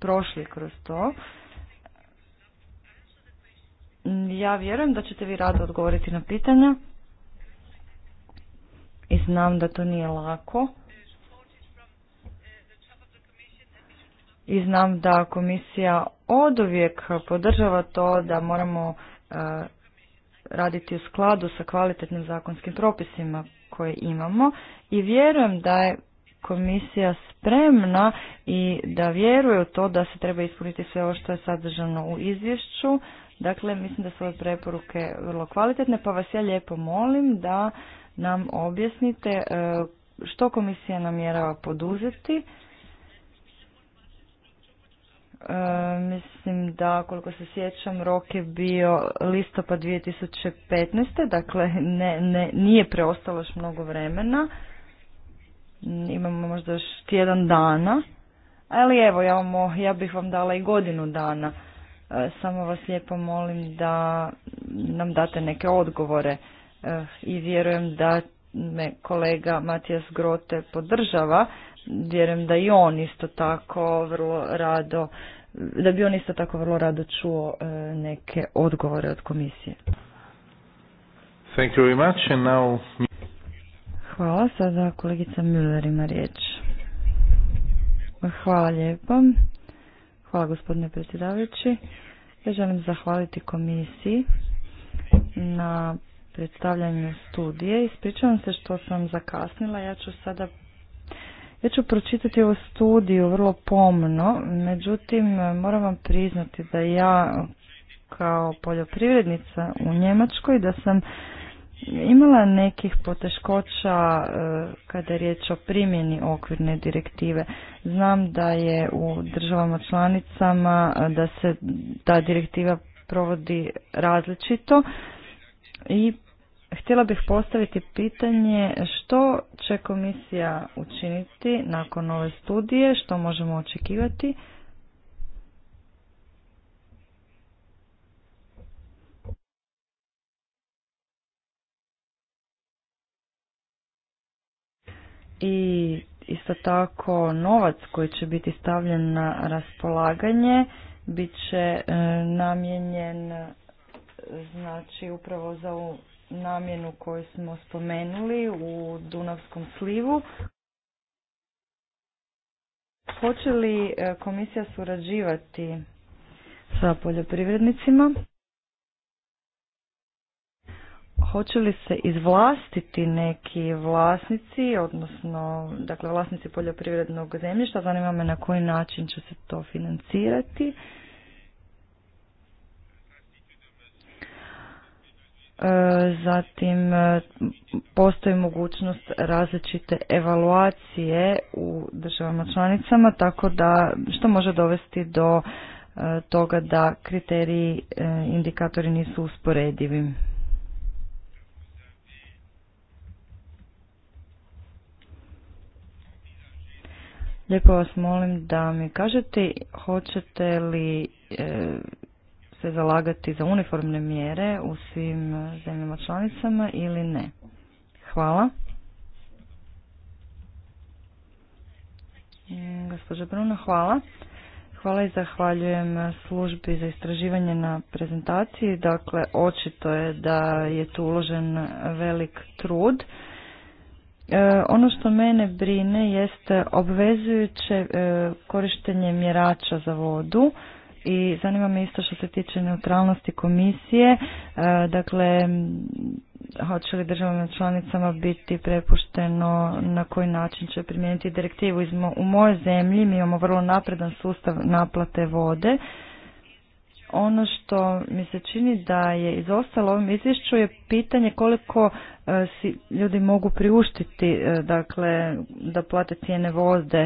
prošli kroz to. Ja vjerujem da ćete vi rado odgovoriti na pitanja i znam da to nije lako. I znam da komisija oduvijek podržava to da moramo e, raditi u skladu sa kvalitetnim zakonskim propisima koje imamo i vjerujem da je komisija spremna i da vjeruje u to da se treba ispuniti sve ovo što je sadržano u izvješću Dakle, mislim da su ove preporuke vrlo kvalitetne, pa vas ja lijepo molim da nam objasnite e, što komisija namjerava poduzeti. E, mislim da koliko se sjećam rok je bio listopad 2015. Dakle, ne, ne, nije preostalo još mnogo vremena. Imamo možda još tjedan dana. Ali evo, ja, vam, ja bih vam dala i godinu dana. E, samo vas lijepo molim da nam date neke odgovore e, i vjerujem da me kolega Matijas Grote podržava. Vjerujem da i on isto tako vrlo rado da bi on isto tako vrlo rado čuo e, neke odgovore od komisije. Hvala, sada kolegica Müller ima riječ. Hvala lijepo. Hvala gospodine predsjedavajući. Ja želim zahvaliti komisiji na predstavljanju studije. Ispričavam se što sam zakasnila. Ja ću sada ja ću pročitati ovu studiju vrlo pomno, međutim moram vam priznati da ja kao poljoprivrednica u Njemačkoj da sam imala nekih poteškoća e, kada je riječ o primjeni okvirne direktive. Znam da je u državama članicama e, da se ta direktiva provodi različito i htjela bih postaviti pitanje što će komisija učiniti nakon ove studije, što možemo očekivati. i isto tako novac koji će biti stavljen na raspolaganje bit će e, namijenjen e, znači upravo za ovu namjenu koju smo spomenuli u Dunavskom slivu. Hoće li e, komisija surađivati sa poljoprivrednicima? hoće li se izvlastiti neki vlasnici, odnosno dakle vlasnici poljoprivrednog zemljišta, zanima me na koji način će se to financirati. E, zatim e, postoji mogućnost različite evaluacije u državama članicama, tako da što može dovesti do e, toga da kriteriji, indikatori nisu usporedivi. Lijepo vas molim da mi kažete hoćete li e, se zalagati za uniformne mjere u svim zemljama članicama ili ne. Hvala. E, gospođo gospođa Bruna, hvala. Hvala i zahvaljujem službi za istraživanje na prezentaciji. Dakle, očito je da je tu uložen velik trud E, ono što mene brine jest obvezujuće e, korištenje mjerača za vodu i zanima me isto što se tiče neutralnosti komisije, e, dakle hoće li državama članicama biti prepušteno na koji način će primijeniti direktivu. U mojoj zemlji mi imamo vrlo napredan sustav naplate vode. Ono što mi se čini da je izostalo ovom izvješću je pitanje koliko E, si ljudi mogu priuštiti e, dakle da plate cijene vode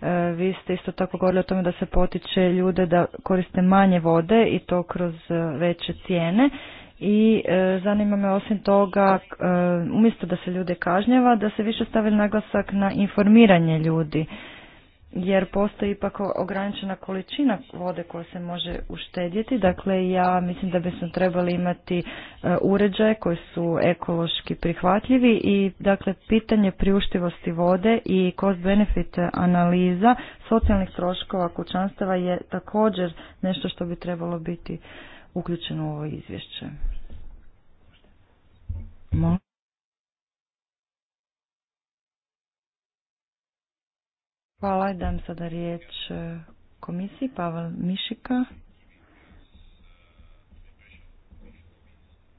e, vi ste isto tako govorili o tome da se potiče ljude da koriste manje vode i to kroz veće cijene i zanima me osim toga umjesto da se ljude kažnjava da se više stavi naglasak na informiranje ljudi jer postoji ipak ograničena količina vode koja se može uštedjeti. Dakle, ja mislim da bismo trebali imati e, uređaje koji su ekološki prihvatljivi i dakle, pitanje priuštivosti vode i cost-benefit analiza socijalnih troškova kućanstava je također nešto što bi trebalo biti uključeno u ovo izvješće. Molim. Hvala. dam sada riječ e, komisiji Pavel Mišika.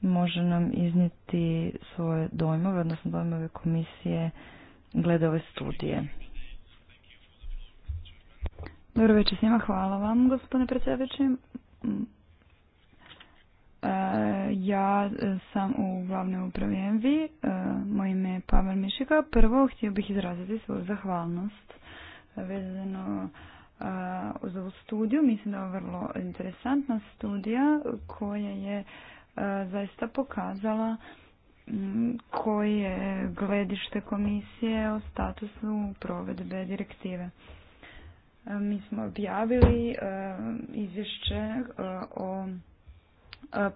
Može nam iznijeti svoje dojmove, odnosno dojmove komisije glede ove studije. Dobro večer svima, hvala vam gospodine predsjedeći. Mm, e, ja sam u glavnoj upravi MV, e, moje ime je Pavel Mišika. Prvo htio bih izraziti svoju zahvalnost vezano uz ovu studiju. Mislim da je vrlo interesantna studija koja je zaista pokazala koje je gledište komisije o statusu provedbe direktive. Mi smo objavili izvješće o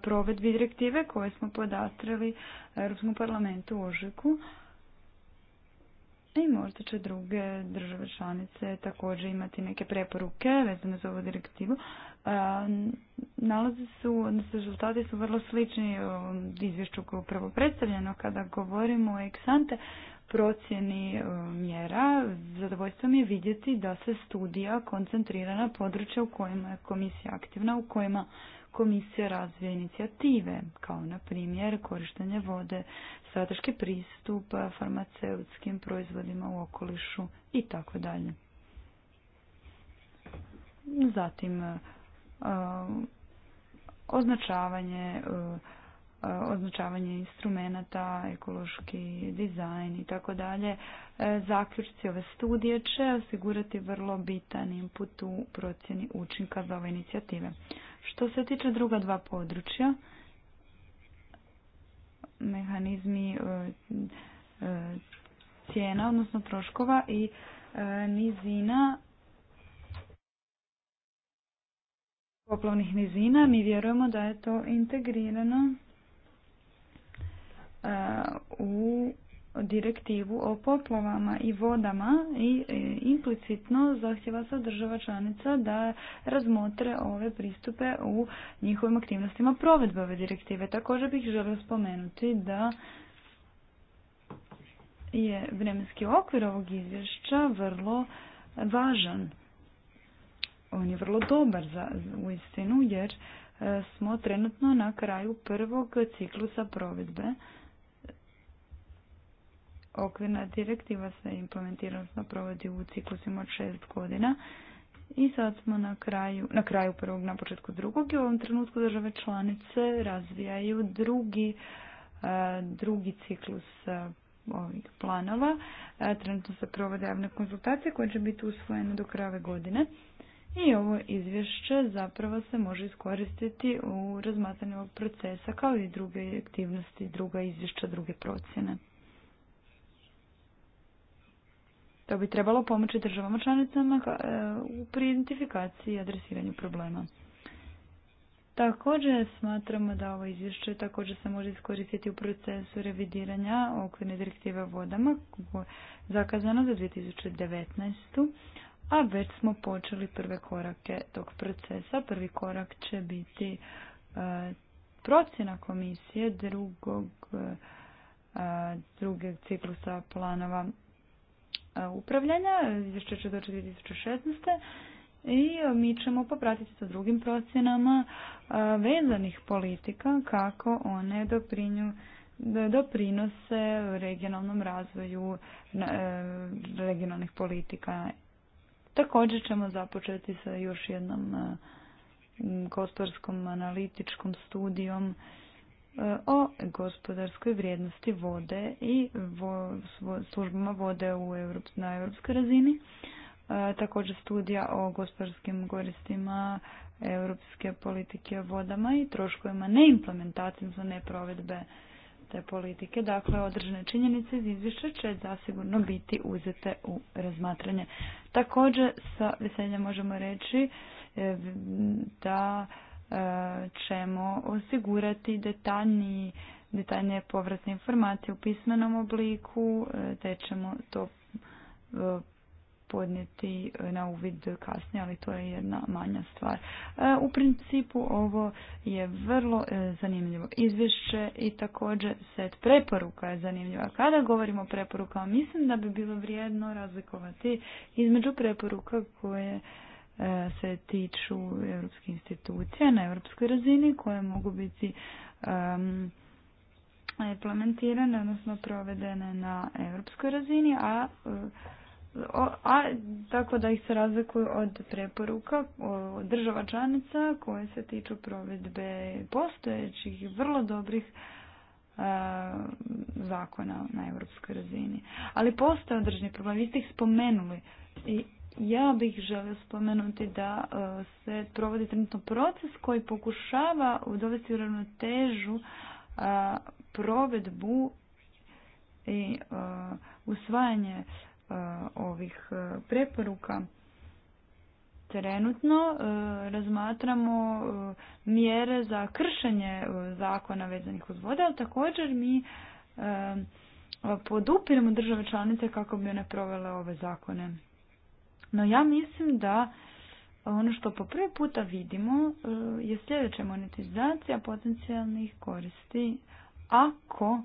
provedbi direktive koje smo podastrili Europskom parlamentu u Ožiku. I možda će druge države članice također imati neke preporuke vezane za ovu direktivu. E, nalazi su, odnosno rezultati su vrlo slični izvješću koje prvo predstavljeno kada govorimo o eksante procjeni e, mjera. Zadovoljstvo mi je vidjeti da se studija koncentrira na područja u kojima je komisija aktivna, u kojima komisija razvija inicijative, kao na primjer korištenje vode, strateški pristup farmaceutskim proizvodima u okolišu i tako dalje. Zatim, e, označavanje e, označavanje instrumenata, ekološki dizajn i tako dalje. E, zaključci ove studije će osigurati vrlo bitan input u procjeni učinka za ove inicijative. Što se tiče druga dva područja, mehanizmi e, e, cijena, odnosno troškova i e, nizina poplovnih nizina, mi vjerujemo da je to integrirano u direktivu o poplavama i vodama i e, implicitno zahtjeva se država članica da razmotre ove pristupe u njihovim aktivnostima provedbe ove direktive. Također bih želio spomenuti da je vremenski okvir ovog izvješća vrlo važan. On je vrlo dobar za, u istinu jer e, smo trenutno na kraju prvog ciklusa provedbe okvirna direktiva se implementira, odnosno provodi u ciklusima od šest godina. I sad smo na kraju, na kraju prvog, na početku drugog i u ovom trenutku države članice razvijaju drugi, e, drugi ciklus e, ovih planova. E, trenutno se provode javne konzultacije koje će biti usvojene do kraja godine. I ovo izvješće zapravo se može iskoristiti u razmatranju ovog procesa kao i druge aktivnosti, druga izvješća, druge procjene. To bi trebalo pomoći državama članicama e, pri identifikaciji i adresiranju problema. Također smatramo da ovo izvješće također se može iskoristiti u procesu revidiranja okvirne direktive vodama zakazano za 2019. A već smo počeli prve korake tog procesa. Prvi korak će biti e, procjena komisije drugog, e, drugog ciklusa planova E, upravljanja, izvješće će doći 2016. I e, mi ćemo popratiti sa drugim procjenama e, vezanih politika kako one doprinju, doprinose regionalnom razvoju regionalnih politika. Također ćemo započeti sa još jednom gospodarskom analitičkom studijom E, o gospodarskoj vrijednosti vode i službama vode u na europskoj razini. E, također studija o gospodarskim koristima europske politike o vodama i troškovima neimplementacijom za neprovedbe te politike. Dakle, određene činjenice iz izvješća će zasigurno biti uzete u razmatranje. Također, sa veseljem možemo reći e, da ćemo osigurati detaljniji detaljnije povratne informacije u pismenom obliku, e, te ćemo to e, podnijeti na uvid kasnije, ali to je jedna manja stvar. E, u principu ovo je vrlo zanimljivo izvješće i također set preporuka je zanimljiva. Kada govorimo o preporukama, mislim da bi bilo vrijedno razlikovati između preporuka koje E, se tiču europskih institucija na europskoj razini koje mogu biti implementirane, odnosno provedene na europskoj razini, a a tako da ih se razlikuju od preporuka o, država članica koje se tiču provedbe postojećih vrlo dobrih e, zakona na europskoj razini. Ali postoje određeni problem, vi ste ih spomenuli i ja bih želio spomenuti da e, se provodi trenutno proces koji pokušava dovesti u ravnotežu e, provedbu i e, usvajanje ovih preporuka. Trenutno razmatramo mjere za kršenje zakona vezanih uz vode, ali također mi podupiramo države članice kako bi one provele ove zakone. No ja mislim da ono što po prvi puta vidimo e, je sljedeća monetizacija potencijalnih koristi ako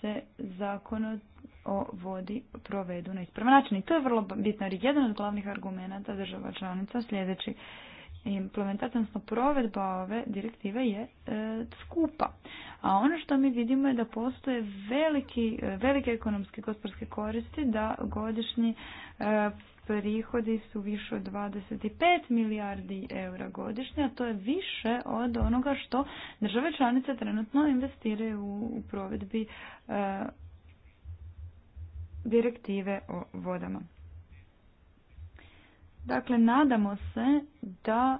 se zakon o vodi provedu na ispravan I to je vrlo bitno jer jedan od glavnih argumenta država članica sljedeći implementacija, odnosno provedba ove direktive je e, skupa. A ono što mi vidimo je da postoje veliki, e, velike ekonomske i gospodarske koristi da godišnji prihodi su više od 25 milijardi eura godišnje, a to je više od onoga što države članice trenutno investiraju u provedbi e, direktive o vodama. Dakle, nadamo se da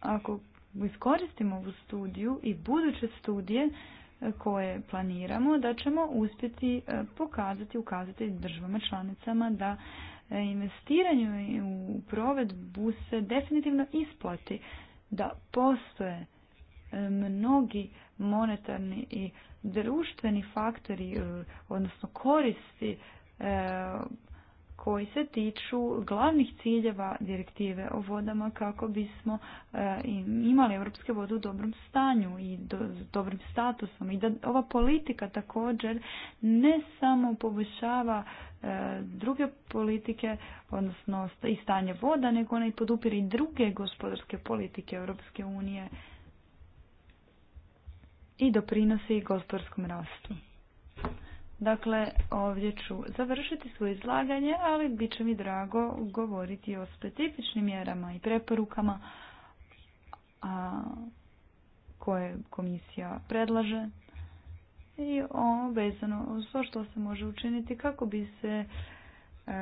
ako iskoristimo ovu studiju i buduće studije e, koje planiramo, da ćemo uspjeti e, pokazati, ukazati državama članicama da E, investiranju i u provedbu se definitivno isplati da postoje e, mnogi monetarni i društveni faktori, e, odnosno koristi koji se tiču glavnih ciljeva direktive o vodama kako bismo e, imali europske vode u dobrom stanju i dobrim statusom i da ova politika također ne samo poboljšava e, druge politike, odnosno i stanje voda, nego ona i podupire i druge gospodarske politike Europske unije i doprinosi gospodarskom rastu. Dakle, ovdje ću završiti svoje izlaganje, ali bit će mi drago govoriti o specifičnim mjerama i preporukama a, koje komisija predlaže i o vezano svo što se može učiniti kako bi se e,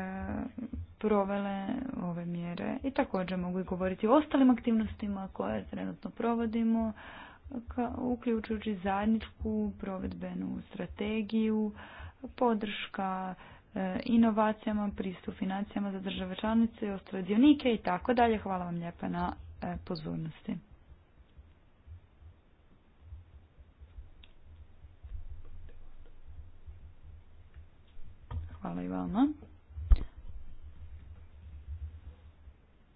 provele ove mjere. I također mogu i govoriti o ostalim aktivnostima koje trenutno provodimo, uključujući zajedničku provedbenu strategiju, podrška e, inovacijama, pristup financijama za države članice i tako dalje. Hvala vam lijepa na e, pozornosti. Hvala i vama.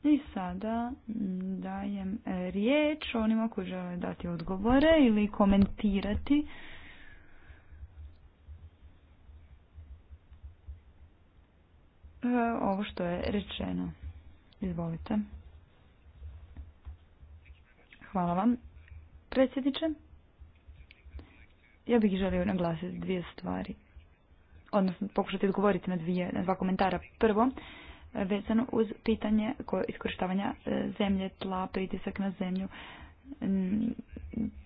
I sada mm, dajem e, riječ onima koji žele dati odgovore ili komentirati. E, ovo što je rečeno. Izvolite. Hvala vam. Predsjedniče, ja bih želio naglasiti dvije stvari. Odnosno, pokušati odgovoriti na, dvije, na dva komentara. Prvo, vezano uz pitanje koje iskorištavanja e, zemlje, tla, pritisak na zemlju, mm,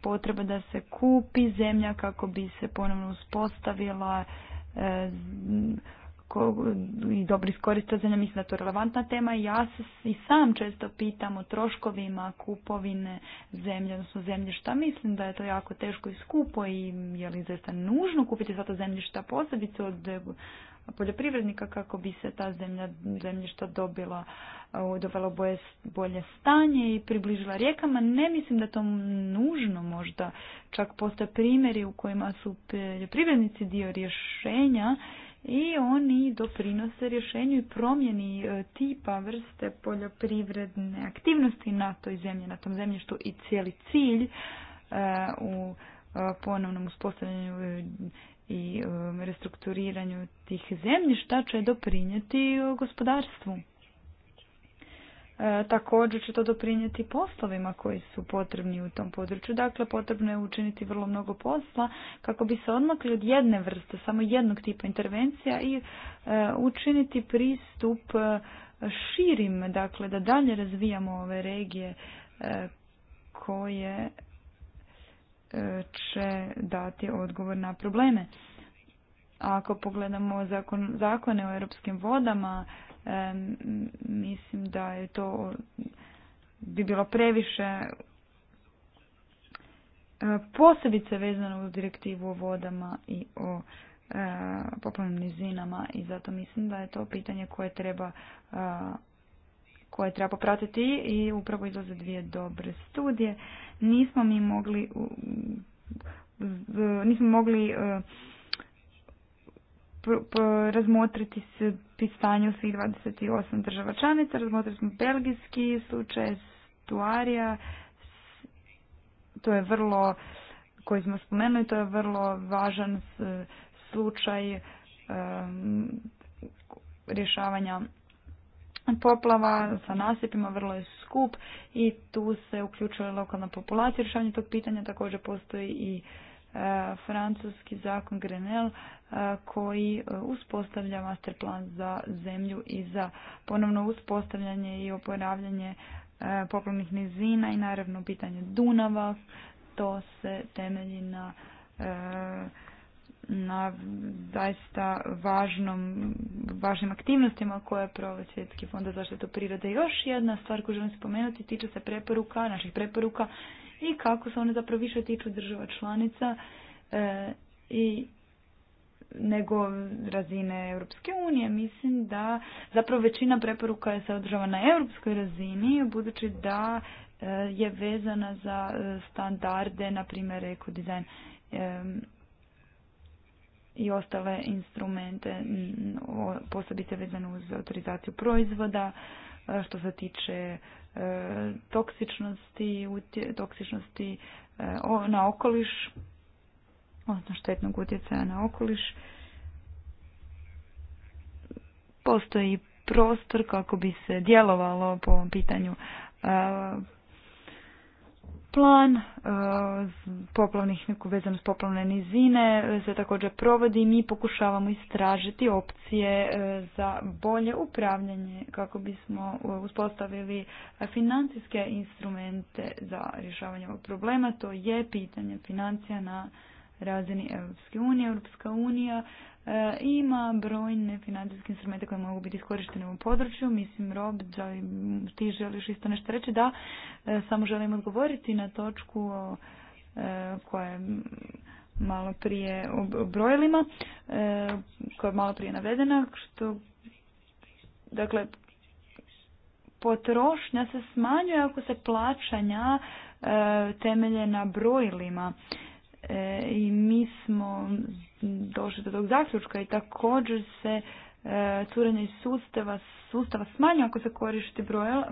potreba da se kupi zemlja kako bi se ponovno uspostavila e, i dobro iskoristila zemlja, mislim da to je relevantna tema. Ja se i sam često pitam o troškovima kupovine zemlje, odnosno zemljišta. Mislim da je to jako teško i skupo i je li zaista nužno kupiti to zemljišta posebice od poljoprivrednika kako bi se ta zemlja, zemljišta dobila, e, dovela boje bolje, stanje i približila rijekama. Ne mislim da to nužno možda. Čak postoje primjeri u kojima su poljoprivrednici dio rješenja i oni doprinose rješenju i promjeni e, tipa vrste poljoprivredne aktivnosti na toj zemlji, na tom zemljištu i cijeli cilj e, u ponovnom uspostavljanju i um, restrukturiranju tih zemljišta će doprinijeti uh, gospodarstvu. E, također će to doprinijeti poslovima koji su potrebni u tom području. Dakle, potrebno je učiniti vrlo mnogo posla kako bi se odmakli od jedne vrste, samo jednog tipa intervencija i e, učiniti pristup e, širim, dakle da dalje razvijamo ove regije koje će dati odgovor na probleme. ako pogledamo zakon, zakone o europskim vodama, mislim da je to bi bilo previše e, posebice vezano u direktivu o vodama i o e, poplavnim nizinama i zato mislim da je to pitanje koje treba e, koje treba popratiti i upravo izlaze dvije dobre studije. Nismo mi mogli nismo mogli e, razmotriti pitanju svih 28 država članica, razmotrili smo belgijski slučaj Stuarija, to je vrlo, koji smo spomenuli, to je vrlo važan slučaj e, rješavanja poplava sa nasipima vrlo je skup i tu se uključuje lokalna populacija. Rješavanje tog pitanja također postoji i e, francuski zakon Grenel e, koji e, uspostavlja master plan za zemlju i za ponovno uspostavljanje i oporavljanje poplavnih nizina i naravno pitanje Dunava. To se temelji na na zaista važnom, važnim aktivnostima koje provode Svjetski fond za zaštitu prirode. Još jedna stvar koju želim spomenuti tiče se preporuka, naših preporuka i kako se one zapravo više tiču država članica eh, i nego razine Europske unije. Mislim da zapravo većina preporuka je se održava na europskoj razini, budući da eh, je vezana za standarde, na primjer ekodizajn i ostale instrumente, posebice vezano uz autorizaciju proizvoda, e, što se tiče e, toksičnosti, toksičnosti e, na okoliš, odnosno štetnog utjecaja na okoliš. Postoji prostor kako bi se djelovalo po ovom pitanju Plan e, poplavnih vezano s poplavne nizine e, se također provodi i mi pokušavamo istražiti opcije e, za bolje upravljanje kako bismo uspostavili financijske instrumente za rješavanje ovog problema. To je pitanje financija na razini Europske unije. Europska unija e, ima brojne financijske instrumente koje mogu biti iskorištene u području. Mislim, Rob, da ti želiš isto nešto reći? Da, e, samo želim odgovoriti na točku o, e, koja je malo prije o brojilima, koja je malo prije navedena, što dakle potrošnja se smanjuje ako se plaćanja temelje na brojilima. E, I mi smo došli do tog zaključka i također se e, curenje iz sustava, sustava smanjuje ako se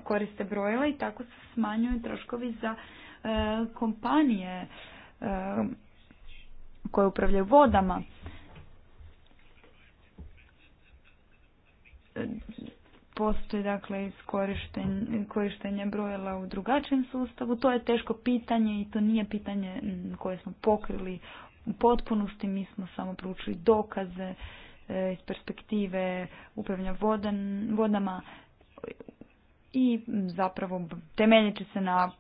koriste brojila i tako se smanjuju troškovi za e, kompanije e, koje upravljaju vodama postoji dakle korištenje brojila u drugačijem sustavu. To je teško pitanje i to nije pitanje koje smo pokrili u potpunosti. Mi smo samo proučili dokaze e, iz perspektive upravljanja vodama i zapravo temeljeći se na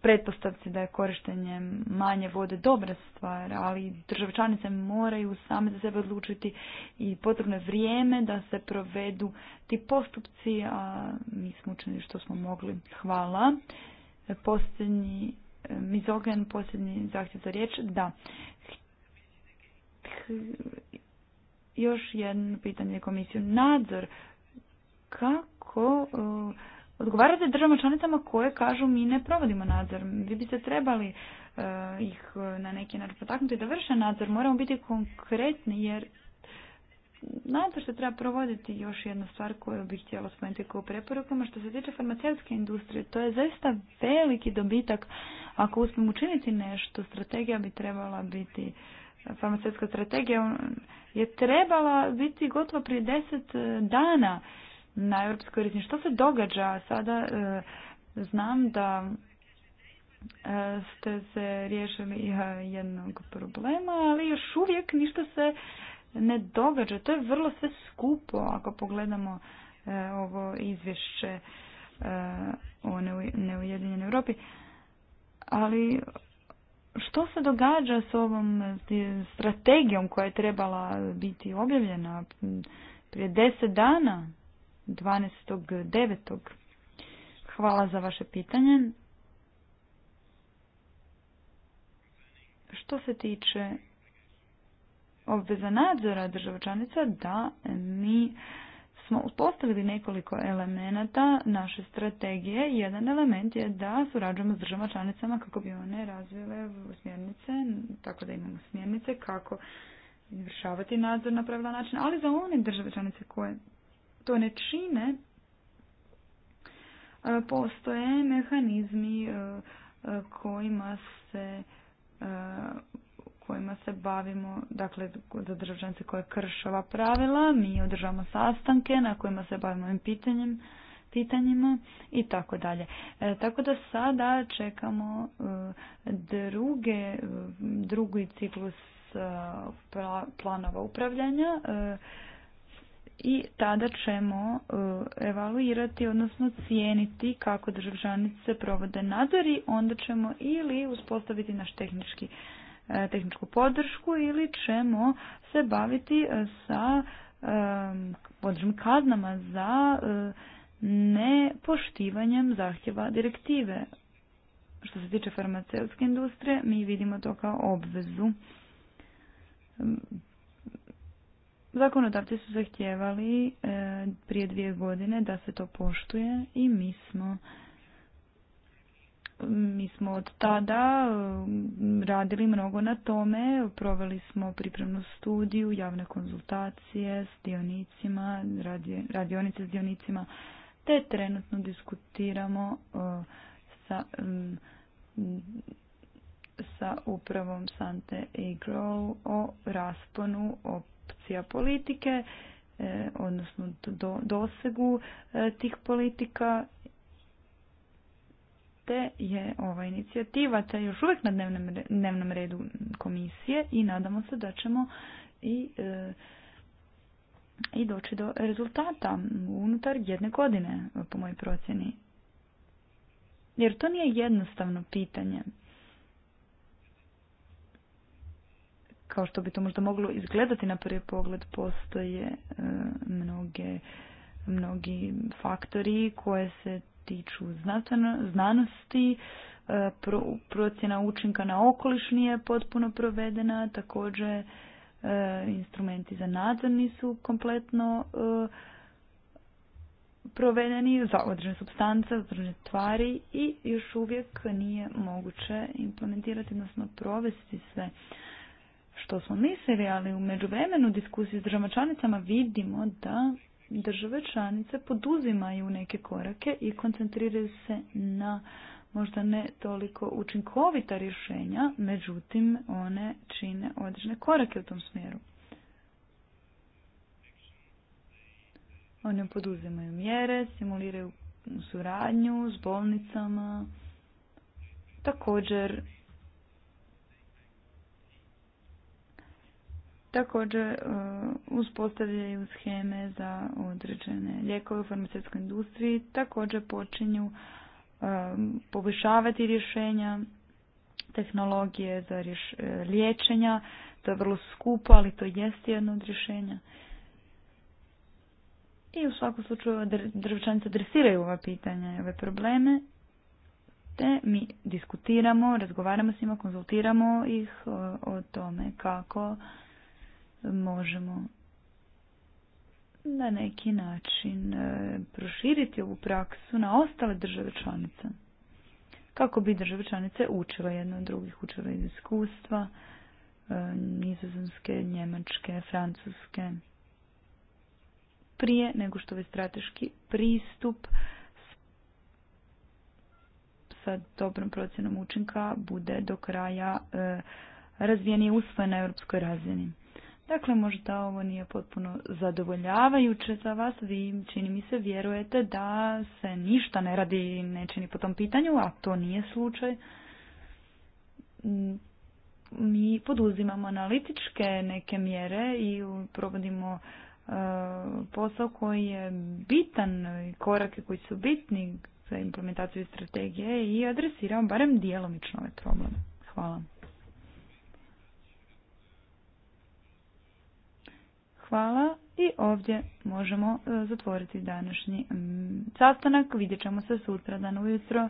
pretpostavci da je korištenje manje vode dobra stvar, ali države članice moraju same za sebe odlučiti i potrebno je vrijeme da se provedu ti postupci, a mi smo učinili što smo mogli. Hvala. Posljednji, e, mizogen, posljednji zahtjev za riječ, da. Još jedno pitanje komisiju. Nadzor. Kako e, odgovarate državama članicama koje kažu mi ne provodimo nadzor. Vi biste trebali e, ih e, na neki način potaknuti da vrše nadzor. Moramo biti konkretni jer nadzor se treba provoditi još jedna stvar koju bih htjela spomenuti kao preporukama. Što se tiče farmaceutske industrije, to je zaista veliki dobitak. Ako uspijemo učiniti nešto, strategija bi trebala biti farmaceutska strategija je trebala biti gotovo prije deset e, dana na europskoj razini. Što se događa sada? E, znam da e, ste se riješili e, jednog problema, ali još uvijek ništa se ne događa. To je vrlo sve skupo ako pogledamo ovo izvješće o neujedinjenoj Europi. Ali što se događa s ovom strategijom koja je trebala biti objavljena prije deset dana? 12.9. Hvala za vaše pitanje. Što se tiče obveza nadzora država članica, da mi smo uspostavili nekoliko elemenata naše strategije. Jedan element je da surađujemo s državama članicama kako bi one razvile smjernice, tako da imamo smjernice kako izvršavati nadzor na pravilan način, ali za one države članice koje to ne čine, e, postoje mehanizmi e, e, kojima se kojima se bavimo, dakle za državljance koje kršava pravila, mi održavamo sastanke na kojima se bavimo ovim pitanjem, pitanjima i tako dalje. Tako da sada čekamo druge, drugi ciklus planova upravljanja i tada ćemo e, evaluirati, odnosno cijeniti kako državžanice provode nadzor i onda ćemo ili uspostaviti naš tehnički e, tehničku podršku ili ćemo se baviti e, sa podržim kaznama za nepoštivanjem zahtjeva direktive. Što se tiče farmaceutske industrije, mi vidimo to kao obvezu Zakonodavci su zahtjevali e, prije dvije godine da se to poštuje i mi smo mi smo od tada e, radili mnogo na tome, proveli smo pripremnu studiju, javne konzultacije s dionicima, radionice s dionicima, te trenutno diskutiramo e, sa, mm, sa upravom Sante Agro o rasponu, o opcija politike, e, odnosno dosegu e, tih politika, te je ova inicijativa te još uvijek na dnevnom, dnevnom redu komisije i nadamo se da ćemo i, e, i doći do rezultata unutar jedne godine, po mojoj procjeni. Jer to nije jednostavno pitanje. kao što bi to možda moglo izgledati na prvi pogled, postoje e, mnoge, mnogi faktori koje se tiču znanosti, e, procjena učinka na okoliš nije potpuno provedena, također e, instrumenti za nadzor nisu kompletno provedeni za određene substance, određene tvari i još uvijek nije moguće implementirati, odnosno provesti sve što smo mislili, ali u međuvremenu diskusiji s državama članicama vidimo da države članice poduzimaju neke korake i koncentriraju se na možda ne toliko učinkovita rješenja, međutim one čine određene korake u tom smjeru. One poduzimaju mjere, simuliraju suradnju s bolnicama, također Također e, uspostavljaju scheme za određene lijekove u farmaceutskoj industriji, također počinju e, poboljšavati rješenja, tehnologije za e, liječenja, to je vrlo skupo, ali to jest jedno od rješenja. I u svakom slučaju državčanice adresiraju ova pitanja i ove probleme, te mi diskutiramo, razgovaramo s njima, konzultiramo ih o tome kako možemo na neki način e, proširiti ovu praksu na ostale države članice. Kako bi države članice učile jedno od drugih, učile iz iskustva, e, nizozemske, njemačke, francuske, prije nego što je ovaj strateški pristup sa dobrom procjenom učinka bude do kraja e, razvijenije usvojen na europskoj razini. Dakle, možda ovo nije potpuno zadovoljavajuće za vas. Vi, čini mi se, vjerujete da se ništa ne radi, ne čini po tom pitanju, a to nije slučaj. Mi poduzimamo analitičke neke mjere i provodimo e, posao koji je bitan, korake koji su bitni za implementaciju strategije i adresiramo barem djelomično ove probleme. Hvala. Hvala i ovdje možemo e, zatvoriti današnji sastanak. Vidjet ćemo se sutra dan ujutro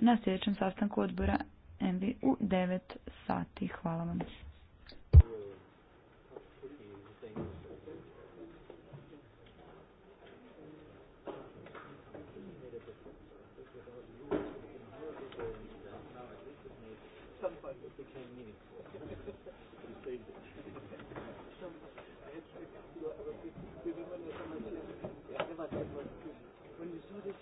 na sljedećem sastanku odbora MV u 9 sati. Hvala vam.